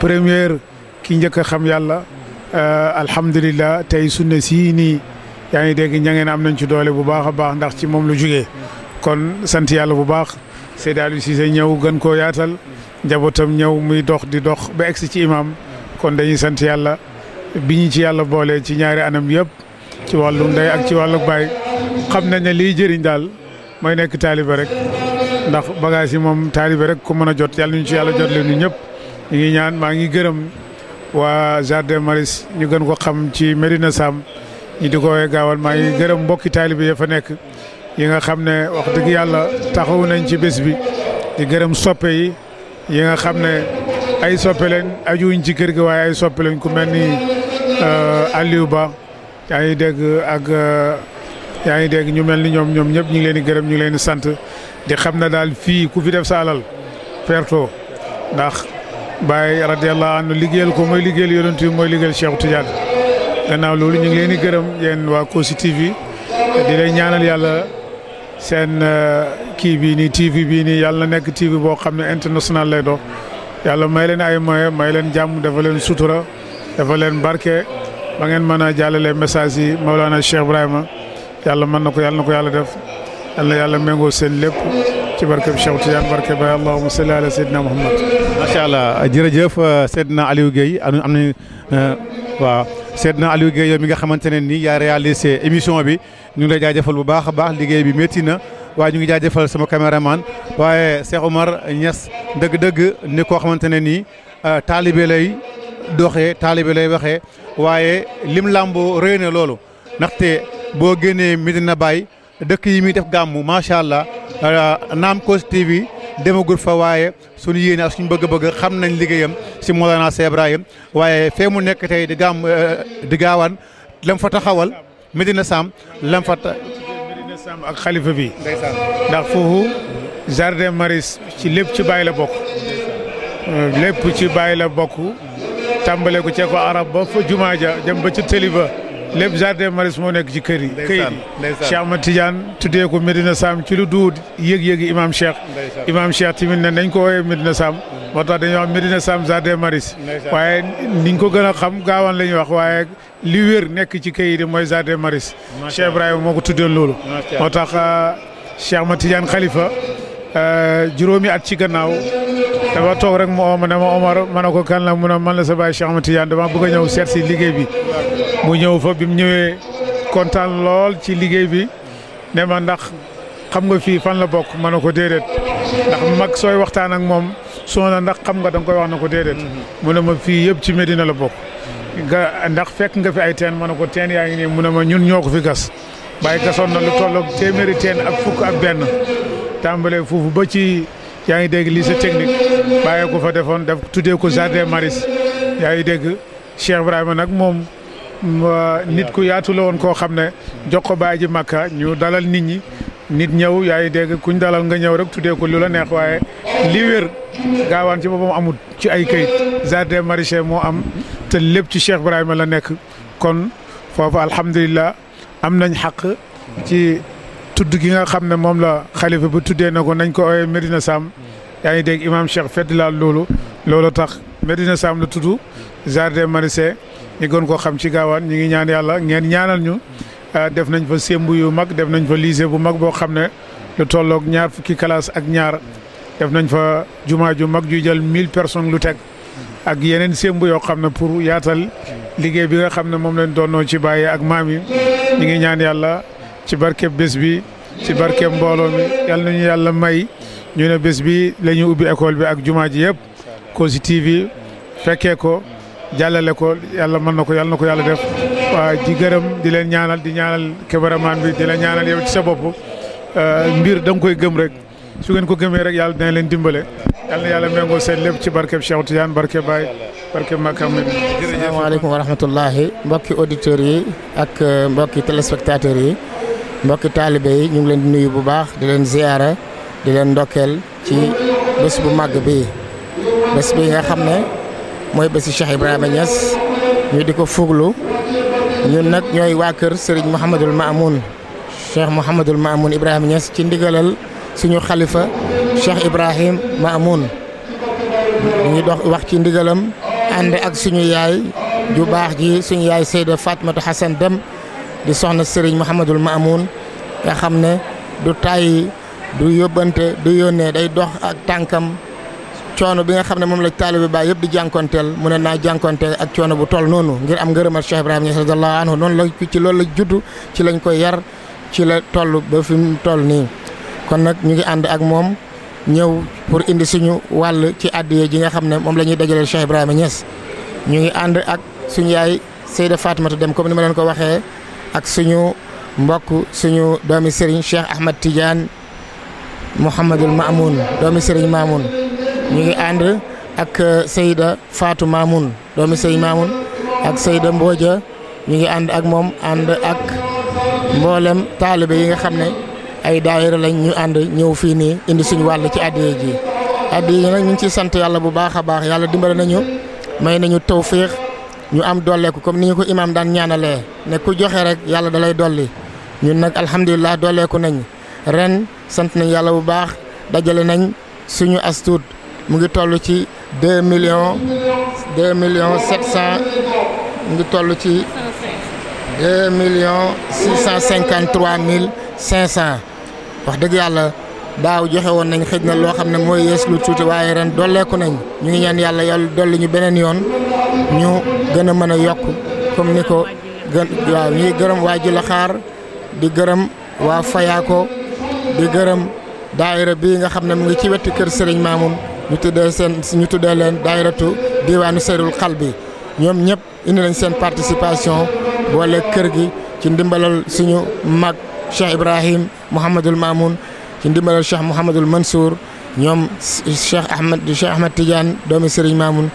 premier ki njëkk a xam yàlla euh, alhamdulilah tey sunna si nii yaa ngi dégg ña ngeen am nañ ci doole bu baax a baax ndax ci moom lu jugee kon sant yàlla bu baax Seydou Aliou Cissé ñëw gën koo yaatal njabootam ñëw muy dox di dox ba egsi ci imam kon dañuy sant yàlla bi ñu ci yàlla boole ci ñaari anam yëpp ci wàllu ndey ak ci wàllu baay xam nañ ne lii jëriñ daal mooy nekk taalibe rek ndax bagage yi moom taalibe rek ku mën a jot yàlla ñu yàlla jot leen ñu ñëpp ñu ngi ñaan maa ngi gërëm waa jardin Maris ñu gën ko xam ci Medina Sam ñu di ko woowee gaawal maa ngi gërëm mbokki taalibe ya fa nekk yi nga xam ne wax dëgg yàlla taxawu nañ ci bés bi di gërëm soppe yi yi nga xam ne ay soppe lañ ajuwuñ ci kër gi waaye ay soppe lañ ku mel ni euh, Aliou Ba yaa ngi dégg ak euh, yaa ngi dégg ñu mel ni ñoom ñoom ñëpp ñu ngi leen di gërëm ñu leen di sant di xam na daal fii ku fi def sa alal perto ndax Baye radiyallahu anhu liggéeyal ko mooy liggéeyal yonent yi mooy liggéeyal Cheikh Tidiane gannaaw loolu ñu ngi di gërëm yéen waa Kossy TV di leen ñaanal yàlla seen euh, kii bii nii TV bii nii yàlla na nekk TV boo xam ne international lay doon. yàlla may leen ay moyens may leen jàmm dafa leen sutura dafa leen barke ba ngeen mën a jàllale message yi Maulana Cheikh Ibrahima yàlla mën na ko yàlla na ko yàlla def yàlla yàlla méngoo seen lépp ci barkeb Cheikh Tidiane barke Baye allahumma salli ala Seydina Muhammad. macha allah jërëjëf euh, Seydina Aliou Guèye am nañu euh, waaw Seydina Aliou Guèye yow mi nga xamante ne nii yaa réalisé émission bi ñu ngi lay jaajëfal bu baax a baax liggéey bi métti na waaye ñu ngi jaajëfal sama caméraman waaye Cheikh Omar Niass. dëgg-dëgg ni koo xamante ne nii euh, taalibe lay doxee taalibe lay waxee waaye lim làmboo rëy na loolu ndaxte boo génnee Medina Baye dëkk yi muy def gàmmu macha allah euh, naam Kossy TV demagul fa waaye suñu yéene ak suñu bëgg-bëgg xam nañ liggéeyam si Mawlana Cheikh waaye fee mu nekk tey di gàmm euh, di gaawaan lam fa taxawal Medina Sam lam fa. Medina ak xalifa bi. ndax foofu. jardin maris ci lépp ci bàyyi la bokk euh, lépp ci bàyyi la bokk tàmbalee ko cee arab ba fa jumaa ja jëm ba ci tëli ba lépp jardin maris moo nekk ci kër yi këyit yi Cheikh Ahmad Tidiane tuddee ko Medina Sam ci lu duut yëg-yëgi imam Cheikh imam Cheikh tamit na nañ ko woowee Medina Sam moo tax dañuy wax Medina Sam jardin maris waaye niñ ko gën a xam gaawan la ñuy wax waaye li wér nekk ci këyit yi mooy jardin maris Cheikh Ibrahima moo ko tuddoon loolu moo tax euh, Cheikh Ahmad Tidiane Eh, juróomi at ci gannaaw dafa toog rek mu oo ma ne ma Omar ma ne ko kan la mu a man la sa baay Cheikh Ahmed Tidiane dama bëgg a ñëw seet si liggéey bi mu ñëw fa bi mu ñëwee kontaan lool ci liggéey bi ne ma ndax xam nga fii fan la bokk ma ne ko déedéet ndax mag sooy waxtaan ak moom soo na ndax xam nga da koy wax na ko déedéet mu a ma fii yëpp ci Medina la bokk nga ndax fekk nga fi ay teen ma ne ko teen yaa ngi nii mu ne ma ñun ñoo ko fi gas bàyyi gasoon na lu toll ak teen ak fukk ak benn tàmbalee foofu ba ci yaa ngi dégg lycée technique bàyyee ko fa defoon def tuddee ko jardin maris yaa ngi dégg Cheikh Ibrahima nag moom nit ku yaatu la woon koo xam ne jox ko baay ji Makka ñu dalal nit ñi nit ñëw yaa ngi dégg ku ñu dalal nga ñëw rek tuddee ko lu la neex waaye li wér gaawaan ci mu amul ci ay kayit jardin maraîcher moo am te lépp ci Cheikh Ibrahima la nekk kon foofu alhamdulilah am nañ xaq ci tudd ki nga xam ne moom la xalifa bu tuddee na ko nañ ko ooyee Medina Sam yaa ngi dégg imaam Cheikh fettilaal loolu loolu tax Medina Sam la tudd jardin maraîcher ñi gën koo xam ci gaawaan ñi ngi ñaan yàlla ngeen ñaanal ñu euh, def nañ fa sémbu yu mag def nañ fa lycée bu mag boo xam ne lu tolloog ñaar fukki classe ak ñaar def nañ fa jumaa ju mag ju jël mille personnes lu teg ak yeneen sémbu yoo xam ne pour yaatal liggéey bi nga xam ne moom doon noo ci bàyyi ak maam yi ñi ngi ñaan yàlla ci barkeb bés bi ci barkeb mbooloo mi yal nañu yàlla may ñu ne bés bi la ñu ubbi école bi ak jumaa ji yëpp Kossy TV fekkee ko jàllale ko yàlla mën na ko yàlla na ko yàlla def waa ji gërëm di leen ñaanal di ñaanal cameraman bi di leen ñaanal yow ci sa bopp euh, mbir da nga koy gëm rek su ngeen ko gëmee rek yàlla dina leen dimbale yàlla na yàlla méngoo seen lépp ci barkeb Cheikh Tidiane barkeb Baye barkeb Makam asalaamaaleykum wa rahmatullahi mbokki auditeurs yi ak euh, mbokki téléspectateurs yi mbokki taalibe yi ñu ngi leen di nuyu bu baax di leen ziyaara di leen ndokkeel ci bés bu màgg bii bés bi nga xam ne mooy bési Cheikh Ibrahima Niass ñu di ko fuglu ñun nag ñooy waa kër Serigne Mouhamadul Mamoun Cheikh Mouhamadul Mamoun Ibrahima Niass ci ndigalal suñu xalifa Cheikh Ibrahim Mamoun ñu dox wax ci ndigalam ànd ak suñu yaay ju baax ji suñu yaay Seyda Fatmata Hassan dem di soxna Serigne Mouhamadul Mamoun nga xam ne du tàyyi du yóbbante du yónnee day dox ak tànkam coono bi nga xam ne moom la taalibe Baay yëpp di jànkonteel mu ne naa jànkonteel ak coono bu toll noonu ngir am ngërëmal Cheikh Ibrahima Ñas radiyallaahu anhu noonu la ci loolu la juddu ci lañu koy yar ci la toll ba fi mu toll nii kon nag ñu ngi ànd ak moom ñëw pour indi suñu wàll ci àddiya ji nga xam ne moom la ñuy dajaleel Cheikh ma Ñas ñu ngi ànd ak suñu yaay Seyda Fatimata dem comme ni ma leen ko waxee ak suñu mbokk suñu doomi Serigne Cheikh Ahmad Tidiane Muhammadul Mamoun doomi Serigne Mamoun ñu ngi and ak euh, sayyida Fatou Mamoun doomi Serigne Mamoun ak sayyida Mbooja ñu ngi and ak mom and ak mbollem taalibe yi nga xam ay daayira lañ ñu and ñew fi ni indi suñu wàll ci addiye ji addiye ji nag ñu ci sante yalla bu baaxa baax yalla nañu may nañu ñu am dolleeku comme ni ñu ko imaam daan ñaanalee ne ku joxe rek yàlla dalay dolli ñun nag alhamdulilah dolleeku nañ ren sant nañ yàlla bu baax dajale nañ suñu astuut mu ngi toll ci deux millions deux millions sept cent mu ngi toll ci million millions six cent cinquante mille cinq cent wax dëgg yàlla. daaw joxe woon nañ xëj na loo xam na mooy yées lu tuuti waaye ren dolleeku nañ ñu ngi ñaan yàlla yàlla dolli ñu beneen yoon ñu gën a mën a yokk comme ni ko gën waaw ñuy gërëm waa Jilaxaar di gërëm waa Fayaako di gërëm daayira bii nga xam ne mu ngi ci wetu kër Serigne Mamoun ñu tuddee seen ñu tuddee leen daayiratu diwaanu xal bi ñoom ñëpp indi nañ seen participation boole kër gi ci ndimbalal suñu mag Cheikh Ibrahim Mouhamadul Mamoun ci ndimbalal cheikh mouhamadul mansour ñom cheikh ahmed cheikh ahmed tidiane doomi serigne mamoun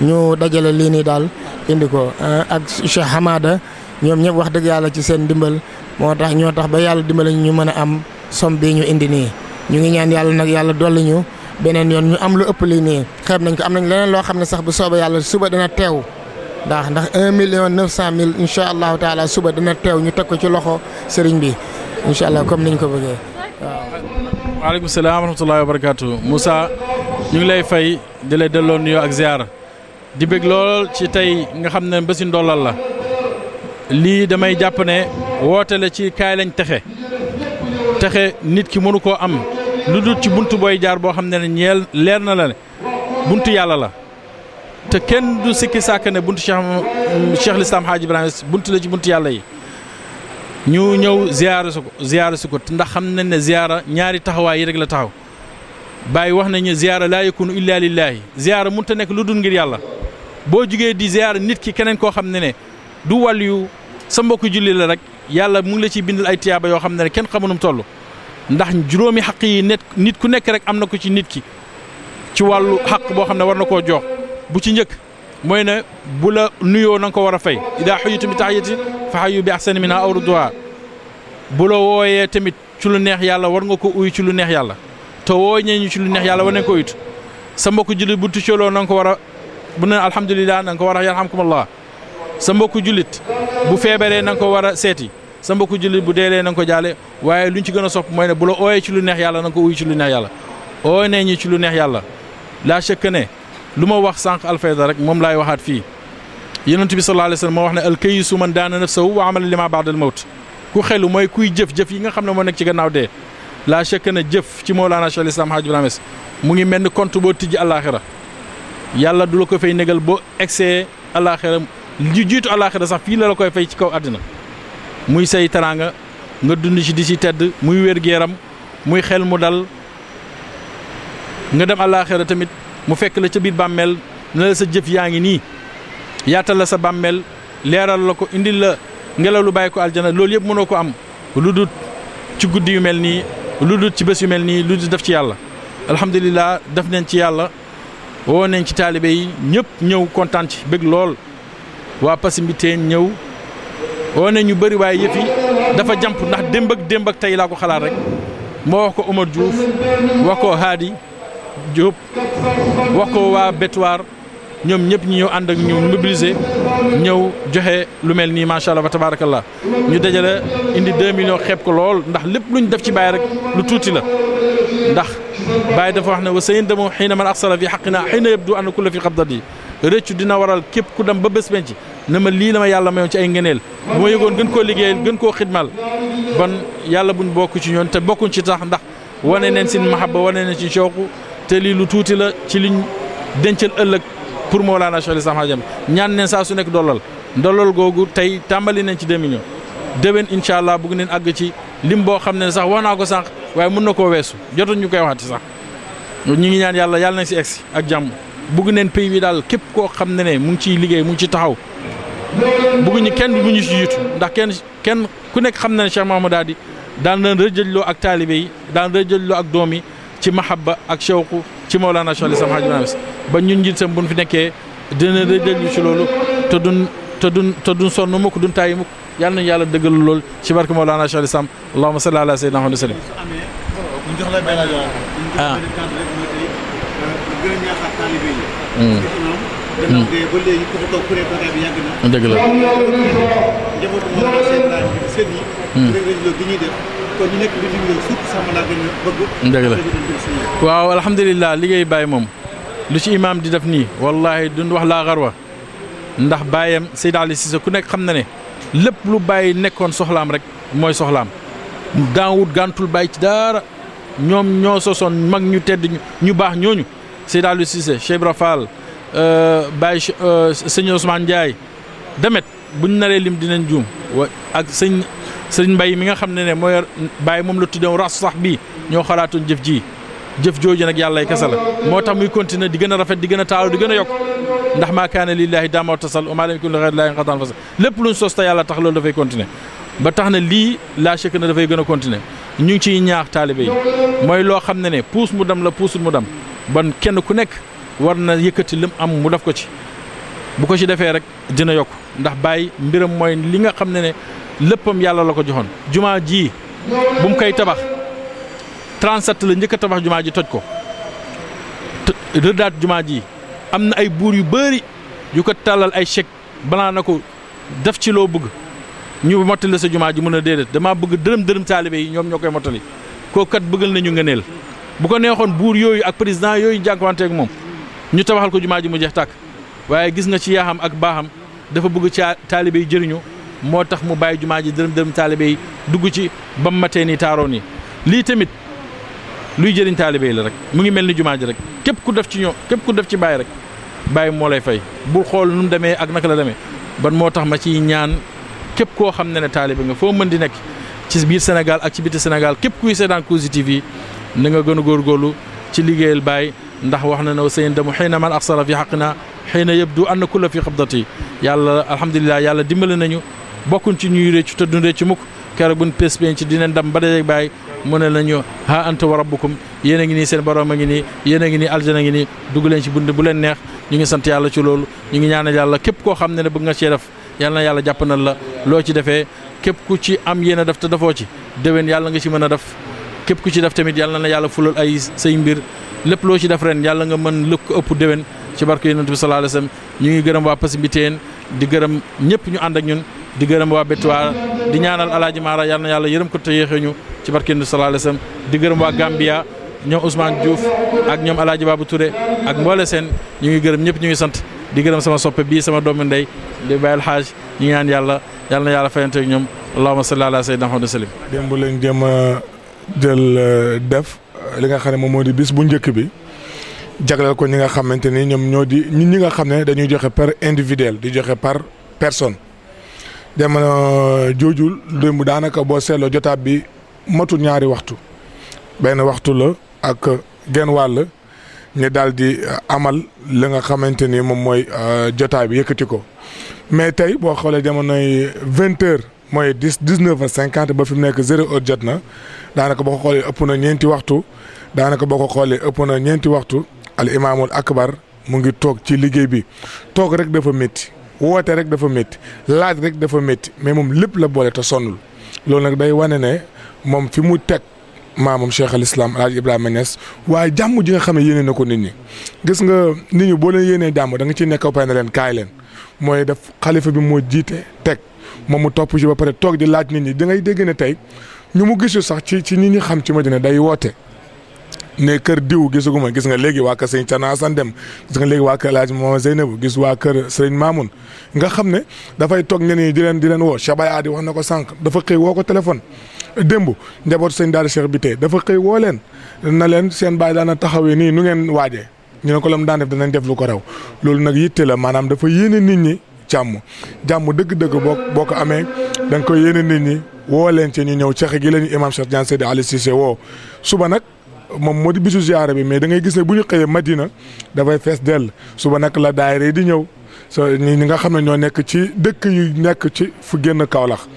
ñu dajale li ni dal indi ko eh, ak cheikh hamada ñom ñep wax deug yalla ci seen ndimbal moo tax ñoo tax ba yalla dimbal ñu mëna am som bi ñu indi ni ñu ngi ñaan yalla nak yalla doli ñu benen yon ñu am lu ëpp li ni xeb nañ ko am nañ leneen lo xamne sax bu soba yalla suba dina tew ndax ndax 1 million neuf cent mille taala suba dina tew ñu teg ko ci loxo serigne bi inshallah comme niñ ko bëggee waaw. waaleykum salaam wa wa barakaatu. Moussa ñu ngi lay fay di lay delloo nuyoo ak ziar di bëgg lool ci tey nga xam ne bési ndollal la lii damay jàpp ne woote la ci kaay lañ texe texe nit ki mënu koo am lu dul ci bunt booy jaar boo xam ne ñeel leer na la ne buntu yàlla la. te kenn du sikki sàkk ne bunt Cheikh Cheikh Lislam Hadj Ibrahima buntu la ci buntu yàlla yi. ñu ñëw ziyaara si ko ziyaara si ko ndax xam nañ ne ziyaara ñaari taxawaay yi rek la taxaw bàyyi wax nañu ziyaara laa yakunu illa lillaahi ziyaara mënut a nekk lu dul ngir yàlla boo jugee di ziyaara nit ki keneen koo xam ne ne du wàllu sa mbokku julli la rek yàlla mu ngi la ciy bindal ay tiyaaba yoo xam ne ne kenn xamunum toll ndax juróomi xaq yi nit ku nekk rek am na ko ci nit ki ci wàllu xaq boo xam ne war na koo jox bu ci njëkk mooy ne bu la nuyoo na nga ko war a fay idaa xuyyitum bi taxiyatin fa xayyu bi axsani minhaa aw rudduhaa bu la wooyee tamit ci lu neex yàlla war nga ko uyu ci lu neex yàlla te woo ñeeñu ci lu neex yàlla war nañ ko uyut sa mbokku jullit bu tuccaloo na nga ko war a bu ne alhamdulilah na nga ko war a yarhamkumullah sa mbokku jullit bu feebaree na nga ko war a seeti sa mbokku jullit bu deelee na nga ko jaale waaye luñ ci gën a sopp mooy ne bu la ooyee ci lu neex yàlla na nga ko uyu ci lu yàlla ooy nee ci lu neex yàlla laa chëkk ne lu ma wax sànq Alfayda rek moom laay waxaat fii yonent bi sallallahu alayhi wa sallam moo wax ne man daana nafsahu wa amala lima ba'dal mawt ku xelu mooy kuy jëf-jëf yi nga xam ne moo nekk ci gannaaw dee laa chekk na jëf ci Mawlana Cheikh Islam Hadj Ibrahima mu ngi mel ni compte boo tijji yàlla du la ko fay négal boo egsee àllaaxira li jiitu àllaaxira sax fii la la fay ci kaw àddina muy say taraanga nga dund ci di tedd muy wer gu muy xel mu dal nga dem àllaaxira tamit mu fekk la ca biir bàmmeel ne la sa jëf yaa ngi nii yaatal la sa bàmmeel leeral la ko indil la ngelaw lu bàyyi ko aljana loolu yëpp mënoo ko am lu dut ci guddi yu mel nii lu dut ci bés yu mel nii lu dut def ci yàlla alhamdulilah def neen ci yàlla oo nañ ci taalibe yi ñëpp ñëw kontaan ci bëgg lool waa Passy Mbitteen ñëw woo nañ ñu bëri waaye yëf yi dafa jàmp ndax démb ak tey laa ko xalaat rek moo wax ko Omar Diouf wax ko Hadi Diop wax ko waa Betuwaar ñoom ñëpp ñu ñëw ànd ak ñu mobiliser ñëw joxe lu mel nii macha allah wa tabarakallah ñu dajale indi 2 millions xeeb ko lool ndax lépp lu luñ def ci Baye rek lu tuuti la ndax Baye dafa wax ne wa sayin damo xëy na man aksara fi xaqi naa na yëpp du ànd ku la fi xabdat yi rëccu dina waral képp ku dem ba bés benc na ma lii la ma yàlla mayoon ci ay ngeneel bu ma yëgoon gën koo liggéeyal gën koo xidmal bon yàlla buñ bokk ci ñoon te te lii lu tuuti la ci liñ dencal ëllëg pour Mawlana Cheikh Islam Hadj ñaan neen saa su nekk dollal ndollal googu tey tàmbali nañ ci deux millions déwén incha allah bugg neen àgg ci lim boo xam ne sax wax naa ko sànq waaye mën na koo weesu jotuñ ñu koy waxati sax ñu ngi ñaan yàlla yàlla nañ si egsi ak jàmm bugg neen pays bi daal képp koo xam ne mu ngi ciy liggéey mu ngi ci taxaw bugg ñu kenn bu ñu si jiitu ndax kenn kenn ku nekk xam Cheikh Mamadou daal di daan daan rëjëloo ak taalibe yi daan rëjëloo ak doom ci mahabba ak shawqu ci Mawlana Cheikh Islam Hadj Mahamed ba ñun njiitam bu ñu fi nekkee dina dëgg ci loolu te duñ te duñ te duñ sonn mukk duñ tàyyi mukk yàlla nañu yàlla dëggal lool ci barke Mawlana Cheikh Islam allahumma salli ala sayyidina Muhammad sallim. ah. dëgg hmm. la. Hmm. Hmm. kon waaw alhamdulilah liggéey Baye moom lu ci imaam di def nii wallahi duñ wax laa wa ndax baayam Seydou Ali ku nekk xam na ne lépp lu bàyyi nekkoon soxlaam rek mooy soxlaam daawut gàntul Baye ci daara ñoom ñoo sosoon mag ñu tedd ñu baax ñooñu Seydou Ali Cissé Cheikh Ibra Fall euh, Baye euh, sëñ Ousmane Ndiaye demet buñ naree lim dinañ juum ak sëñ sëriñ mbay mi nga xam ne ne mooy bàyyi moom la tuddoon rasu sax bii ñoo xalaatoon jëf ji jëf jooju nag yàlla ay kese la moo tax muy continuer di gën a rafet di gën a taalu di gën a yokk ndax maa kaana lillaahi daamaw tasal ama lam yakun li ghayri laahi qatan fasal lépp sos te tax loolu dafay ba tax na lii laa chekk na dafay gën a continuer ñu ngi ciy ñaax taalibe yi mooy loo xam ne ne puus mu dem la puusul mu dem ban kenn ku nekk war na yëkkati lim am mu def ko ci bu ko ci defee rek dina yokk ndax bàyyi mbiram mooy li nga xam ne ne léppam yàlla la ko joxoon jumaa jii bu mu koy tabax 37 la njëkk tabax jumaa ji toj ko rëddaat jumaa ji am na ay buur yu bëri yu ko tàllal ay chèque balaa na ko def ci loo bëgg ñu mottali sa jumaa ji mën a déedéet damaa bëgg dërëm dërëm taalibe yi ñoom ñoo koy mottali kookat kat bëggal nañu ngëneel bu ko neexoon buur yooyu ak président yooyu jànkuwanteeg moom ñu tabaxal ko jumaa ji mu jeex tàkk waaye gis nga ci yaaxam ak baaxam dafa bëgg caa taalibe yi jëriñu moo tax mu bàyyi jumaa ji dërëm dërëm taalibe yi dugg ci ba mu matee ni taaroo ni lii tamit luy jëriñ taalibe yi la rek mu ngi mel ni jumaa ji rek képp ku def ci ñoo képp ku def ci bàyyi rek bàyyi moo lay fay bu xool nu demee ak naka la demee ban moo tax ma ciy ñaan képp koo xam ne ne taalibe nga foo mën di nekk ci biir Sénégal ak ci biti Sénégal képp kuy seetaan Kossy TV na nga gën a góorgóorlu ci liggéeyal Baay ndax wax na ne sëñ damu xëy na man ak sara fi xaq naa xëy na yëpp du ànd ku la fi xabdati yàlla alhamdulilah yàlla dimbali nañu bokkuñ ci ñuy réccu te duñ ci mukk keroog buñ pés ci dinañ dem ba dajeg bàyyi mu ne nañu ha anta wa rabbukum yéen a ngi nii seen borom a ngi nii yéen a ngi nii aljana ngi nii dugg leen ci bunt bu leen neex ñu ngi sant yàlla ci loolu ñu ngi ñaanal yàlla képp koo xam ne ne bëgg nga cee def yàlla na yàlla jàppandal la loo ci defee képp ku ci am yéen a def te dafoo ci déwén yàlla nga ci mën a def képp ku ci def tamit yàlla na yàlla fulal ay say mbir lépp loo ci def ren yàlla nga mën lëkk ëpp déwén ci barke yonent bi sallallahu alayhi wasallam ñu ngi gërëm waa Pasimbiteen di gërëm ñëpp ñu ànd ak ñun di gërëm waa Bétuwaar di ñaanal alaaji Maara yal na yàlla yërëm ko te yéexee ñu ci barke yonent bi sallallahu alayhi wasallam di gërëm waa Gambia ñoom Ousmane Diouf ak ñoom alaaji Babou Touré ak mboole seen ñu ngi gërëm ñëpp ñu ngi sant di gërëm sama soppe bii sama doomu ndey di bàyyil xaaj ñu ngi ñaan yàlla yal na yàlla fayante ak ñoom allahumma salli ala sayyidina Muhammad salim démb lañ jëm jël euh, def li nga xam ne moom moo di bis bu njëkk bi jagleel ko ñi nga xamante ni ñoom ñoo di ñun ñi nga xam ne dañuy joxe par individuel di joxe par personne. jamono jooju démb daanaka boo seeloo jotaab bi matul ñaari waxtu benn waxtu la ak genn wàll ñu daal di amal li nga xamante ni moom mooy euh, jotaay bi yëkkati ko mais tey boo xoolee jamonoy vingt heures mooy dix dix neuf heures cinquante ba fi mu nekk zéro heure jot na daanaka boo ko xoolee ëpp na ñeenti waxtu daanaka boo ko xoolee ëpp na ñeenti waxtu. al imaamul akbar mu ngi toog ci liggéey bi toog rek dafa métti woote rek dafa métti laaj rek dafa métti mais moom lépp la boole te sonnul loolu nag day wane ne moom fi mu teg maamam cheikh al islam alaaj Ibrahima Niass waaye jàmm ji nga xam ne yéene ko nit ñi. gis nga nit ñi boo leen yéenee jàmm da nga ciy nekk pare na leen kaay leen mooy def xalifa bi moo jiite teg moom mu topp ci ba pare toog di laaj nit ñi da ngay dégg ne tey ñu mu gisul sax ci ci nit ñi xam ci Madina day woote. ne kër diw gisuguma gis nga léegi waa kër sëñ Cana a dem gis nga léegi waa kër El Hadj Mama Zeynabu gis waa kër sëñ Mamoun nga xam ne dafay toog ñenn di leen di leen woo Chabay Adi wax na ko sànq dafa xëy woo ko téléphone démb njaboot sëñ Daara Cheikh bi tey dafa xëy woo leen na leen seen baay daana taxawee nii nu ngeen waajee ñu ne ko lam daan def danañ def lu ko raw loolu nag yitte la maanaam dafa yéene nit ñi jàmm jàmm dëgg-dëgg boo boo ko amee da koy yéene nit ñi woo leen ci ñu ñëw ceexe gi la ñu imaam Cheikh Diagne Seydi woo suba nag moom moo di bisu ziyaara bi mais da ngay gis ne bu ñu xëyee Madina dafay fees dell suba nag la daayira di ñëw so ñi nga xam ne ñoo nekk ci dëkk yi nekk ci fu génn Kaolack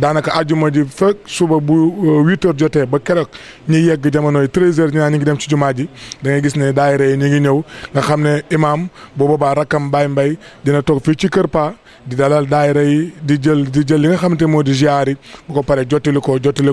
daanaka àjjuma ji fekk suba bu euh, huit heures jotee ba keroog ñi yegg jamonoy treize heures ñi naan ñu ngi dem ci jumaa ji da ngay gis ne daayira yi ñu ngi ñëw nga xam ne imaam bu boobaa rakkam Baye mbay dina toog fii ci kër pa di dalal daayira yi di jël di jël li nga xamante moo di ziar yi bu ko paree jottali ko jottali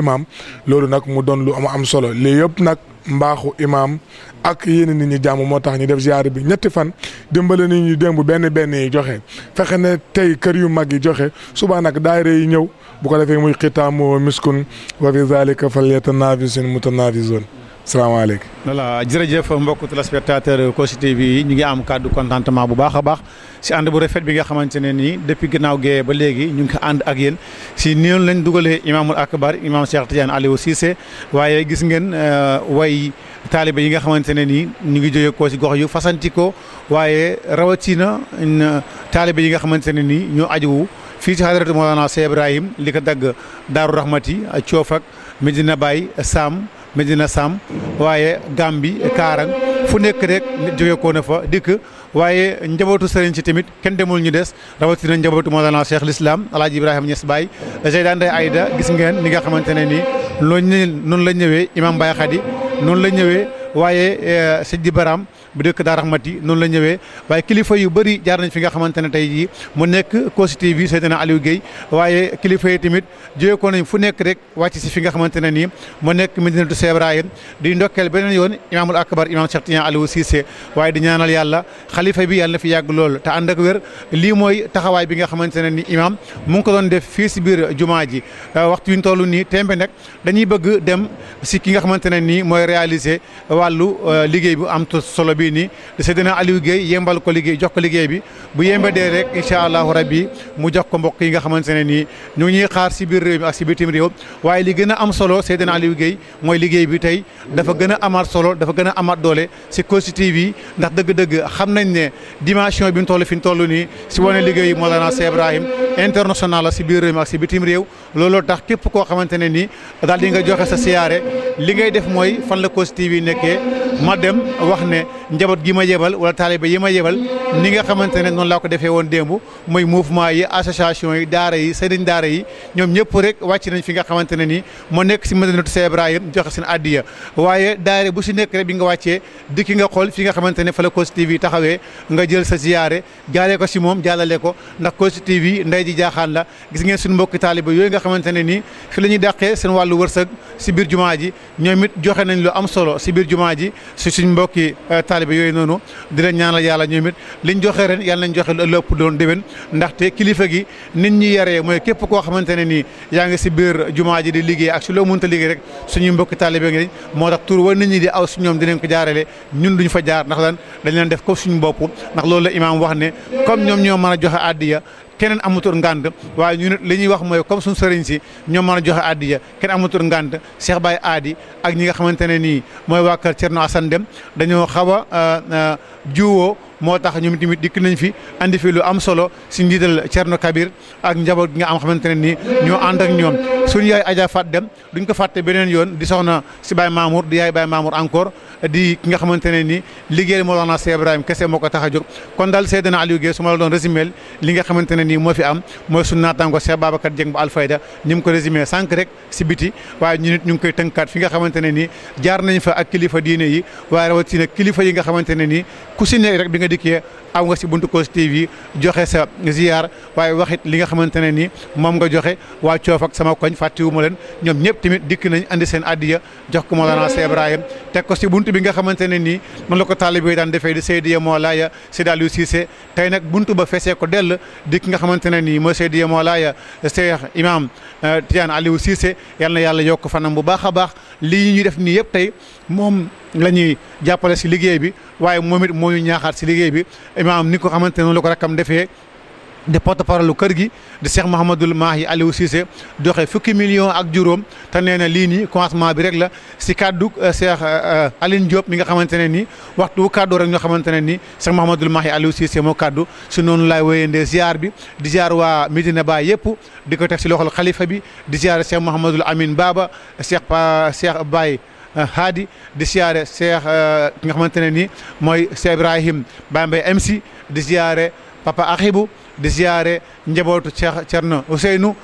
imaam loolu nag mu doon lu am am solo lii yëpp nag mbaaxu imaam ak yeneen nit ñi jàmm moo tax ñu def ziar bi ñetti fan dimbale nit ñi démb benn benn joxe fexe ne tey kër yu mag yi joxe suba nag daayira yi ñëw bu ko defee muy xitaamu miskun wa fi zalika fal yatanafisul mutanafisun salaamaaleykum. voilà jërëjëf mbokk téléspectateur Kossy TV bi ñu ngi am kàddu contentement bu baax a baax. si ànd bu rafet bi nga xamante ne nii depuis ginnaaw gee ba léegi ñu ngi ko ànd ak yéen si noonu lañ dugalee imaamul akbar imaam Cheikh Tidiane Aliou Cissé waaye gis ngeen euh, way taalibe yi nga xamante ne nii ñu ngi jóge ko si gox yu fasantikoo waaye rawatina taalibe yi nga xamante ne nii ñoo ajuwu fii ci xadaratu Mawlana Ibrahim li ko dagg Daaru Rahmati Coof ak Medina Baye Sam Medina Sam waaye Gambi Kaarang fu nekk rek jóge ko fa dikk waaye njabootu sëriñ si tamit kenn demul ñu des rawatina njabootu Mawlana Cheikh l'Islam Alaaji Ibrahima Niass Baye Zeydan Ndeye Aïda gis ngeen ni nga xamante ne nii loolu noonu la ñëwee Imam Baye Khady noonu la ñëwee waaye eh, Seydi Baram bu dëkk daa raxmati noonu la ñëwee waaye kilifa yu bëri jaar nañ fi nga xamante ne tey jii mu nekk Kossy TV Seydina Aliou Guèye waaye kilifa yi tamit jóge ko nañ fu nekk rek wàcc si fi nga xamante ne nii mu nekk Medinatu Cheikh Ibrahim di ndokkeel beneen yoon imaamul akbar imaam Cheikh Tidiane Aliou Cissé waaye di ñaanal yàlla xalifa bi yàlla na fi yàgg lool te ànd ak wér lii mooy taxawaay bi nga xamante ne ni imaam mu ngi ko doon def fii si biir jumaa ji euh, waxtu wi ñu toll nii tembe nag dañuy bëgg dem si ki nga xamante ne nii mooy réaliser wàllu euh, liggéey bu am solo bi bii nii di Seydina Aliou gay yembal ko liggéey jox ko liggéey bi bu yembe de rek inshallah rabbi mu jox ko mbokk yi nga xamantene ni ñu ñi xaar ci bir rew mi ak ci bitim rew waye li gëna am solo Seydina Aliou gay moy liggéey bi tay dafa gëna amar solo dafa gëna amar doole ci cause TV ndax deug deug xam nañ ne dimension bi mu tollu fi mu ni ci si wane liggéey Mawlana Cheikh Ibrahim international ci bir rew réew mi ak ci bitim rew looloo tax képp koo xamante ne nii daal di nga joxe sa siyaare li ngay def mooy fan la Kossy TV nekkee ma dem wax ne njaboot gi ma yebal wala taalibe yi ma yebal ni nga xamante ne noonu laa ko defee woon démb mooy mouvement yi association yi daara yi sëriñ daara yi ñoom ñëpp rek wàcc nañ fi nga xamante ne nii moo nekk si Madinatu Cheikh Ibrahim joxe seen addiya waaye daara bu si nekk rek bi nga wàccee dikki nga xool fi nga xamante ne fa la Kossy TV taxawee nga jël sa siyaare jaaree ko si moom jàllale ko ndax Kossy TV ndey ji jaaxaan la gis ngeen suñu mbokki taalibe yooyu nga xamante ne nii fi la ñuy dàqee seen wàllu wërsëg si biir jumaa ji ñoom it joxe nañ lu am solo si biir jumaa ji si suñ mbokki euh, taalibe yooyu noonu di leen ñaanal yàlla ñoom it liñ joxe ren yàlla nañ joxe lu ëllëpp doon déwén ndaxte kilifa gi nit ñi yaree mooy képp koo xamante ne nii yaa ngi si biir jumaa ji di liggéey ak si loo mënta liggéey rek suñuy mbokki taalibe ngi moo tax tur wa nit ñi di aw si ñoom dinañ ko jaarale ñun duñ fa jaar ndax lan dañ leen def ko suñu bopp ndax loolu la imaam wax ne comme ñoom ñoo mën a joxe addiya keneen amatul ngànt waaye ñu nit li ñuy wax mooy comme suñu sëriñ si ñoom mën a joxe addiya keneen amatul ngànt Cheikh baay Aadi ak ñi nga xamante ne nii mooy waa kër Thierno Assane dem dañoo xaw a euh, euh, jiwoo moo tax ñoom timit dik nañ fi andi fi lu am solo ci njiital Thierno Kabir ak njabot nga am xamantene ni ño and ak ñoom suñu yaay Adja Fat Dem duñ ko fàtte benen yoon di soxna ci Baye Mamour di yaay Baye Mamour encore di ki nga xamantene ni nii liggéey moo tax Cheikh Ibrahim kesse moko ko tax kon dal sayyidina Aliou ge suma la doon résumé li nga xamantene ni mo fi am mooy sunna tango Cheikh babakar jeng bu Alfayda ñu ngi ko résumé sank rek ci biti waye ñu nit ñu koy teunkat fi nga xamantene ni jaar nañ fa ak kilifa diine yi waye rawati na kilifa yi nga xamantene ni ku ci nekk rek bi nga देखिए aw nga ci buntu Kossy TV joxe sa ziar waaye waxit li nga xamantene ni mom nga joxe wa ciof ak sama koñ fàttiwuma len ñom ñep timit dik nañ andi sen adiya jox ko Mawlana Ibrahim teg ko ci buntu bi nga xamantene ni man la ko taalibe yi daan defee di Seydiya molaya Seydi Aliou Cissé tay nak buntu ba fessé ko del dik nga xamantene ni mo Seydiya molaya Cheikh Imam euh, Tidiane Aliou Cissé yalla yalla yok fanam bu baakha baax li ñu def ni yep tay mom lañuy jappalé ci liggéey bi waye momit moñu ñaaxaat ci liggéey bi imaam ni ko xamante ne la ko rakkam defee di porte parole lu kër gi di Cheikh Mouhamadul Mahi Aliou Cissé fukki million ak juróom te nee na lii nii commencement bi rek la si kaddu euh, Cheikh euh, Aline Diop mi nga xamante ne nii waxtu wu rek ñoo xamante ne nii Cheikh Mouhamadul Mahi Aliou Cissé moo kaddu si noonu laay wéyandee ziar bi di ziar waa Medina Baye yëpp di ko teg si loxol xalifa bi di ziar Cheikh Mouhamadul Amin Baba Cheikh Pa Cheikh Baye. haadi di siyaare Cheikh euh, ki xamante ne nii mooy Cheikh Ibrahim Bambey MC di siyaare Papa Akhibou di njabootu Cheikh Thierno Ousseynou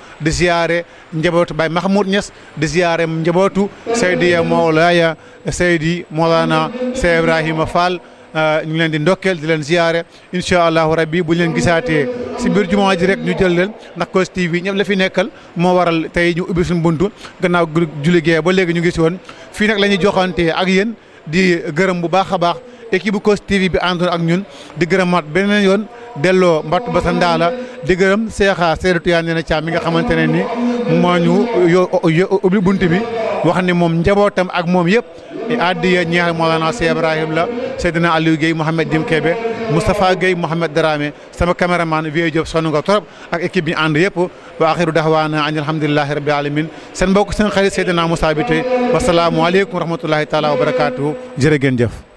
njabootu Baye Mahmoud Niass di ziare njabootu Seydi Mawlaya Seydi Mawlana Seydi Ibrahima Fall Euh, ñu ngi leen di ndokkeel di leen ziyaare incha allahu rabbi bu ñu leen gisaatee si biir jumaa ji rek ñu jël leen ndax Kossy TV ñëpp la fi nekkal moo waral tey ñu ubbi suñ buntu gannaaw julli gee ba léegi ñu ngi si woon fii nag la ñuy joxantee ak yéen di gërëm bu baax a baax équipe bu Kossy TV bi àndoon ak ñun di gërëmaat beneen yoon delloo mbattu ba sa ndaala di gërëm seexaa Seydou Tidiane Ndiané Thiam mi nga xamante ne ni moo ñu ubbi bunt bi wax ni moom njabootam ak moom yëpp e addiya ñeexa Mawlana Sey Ibrahima la Seydina Aliou Guèye Mouhamed Dim Kébé Moustapha Guèye Mouhamed Dramé sama caméraman Vieux Diop sonn nga trop ak équipe bi ànd yëpp wa axiru dahwaana an alhamdulillahi rabbil alamin seen mbokk seen xarit Seydina Moussa Biteye wasalaamualeykum wa rahmatullahi taala wa barakaatuhu jërë ngeen jëf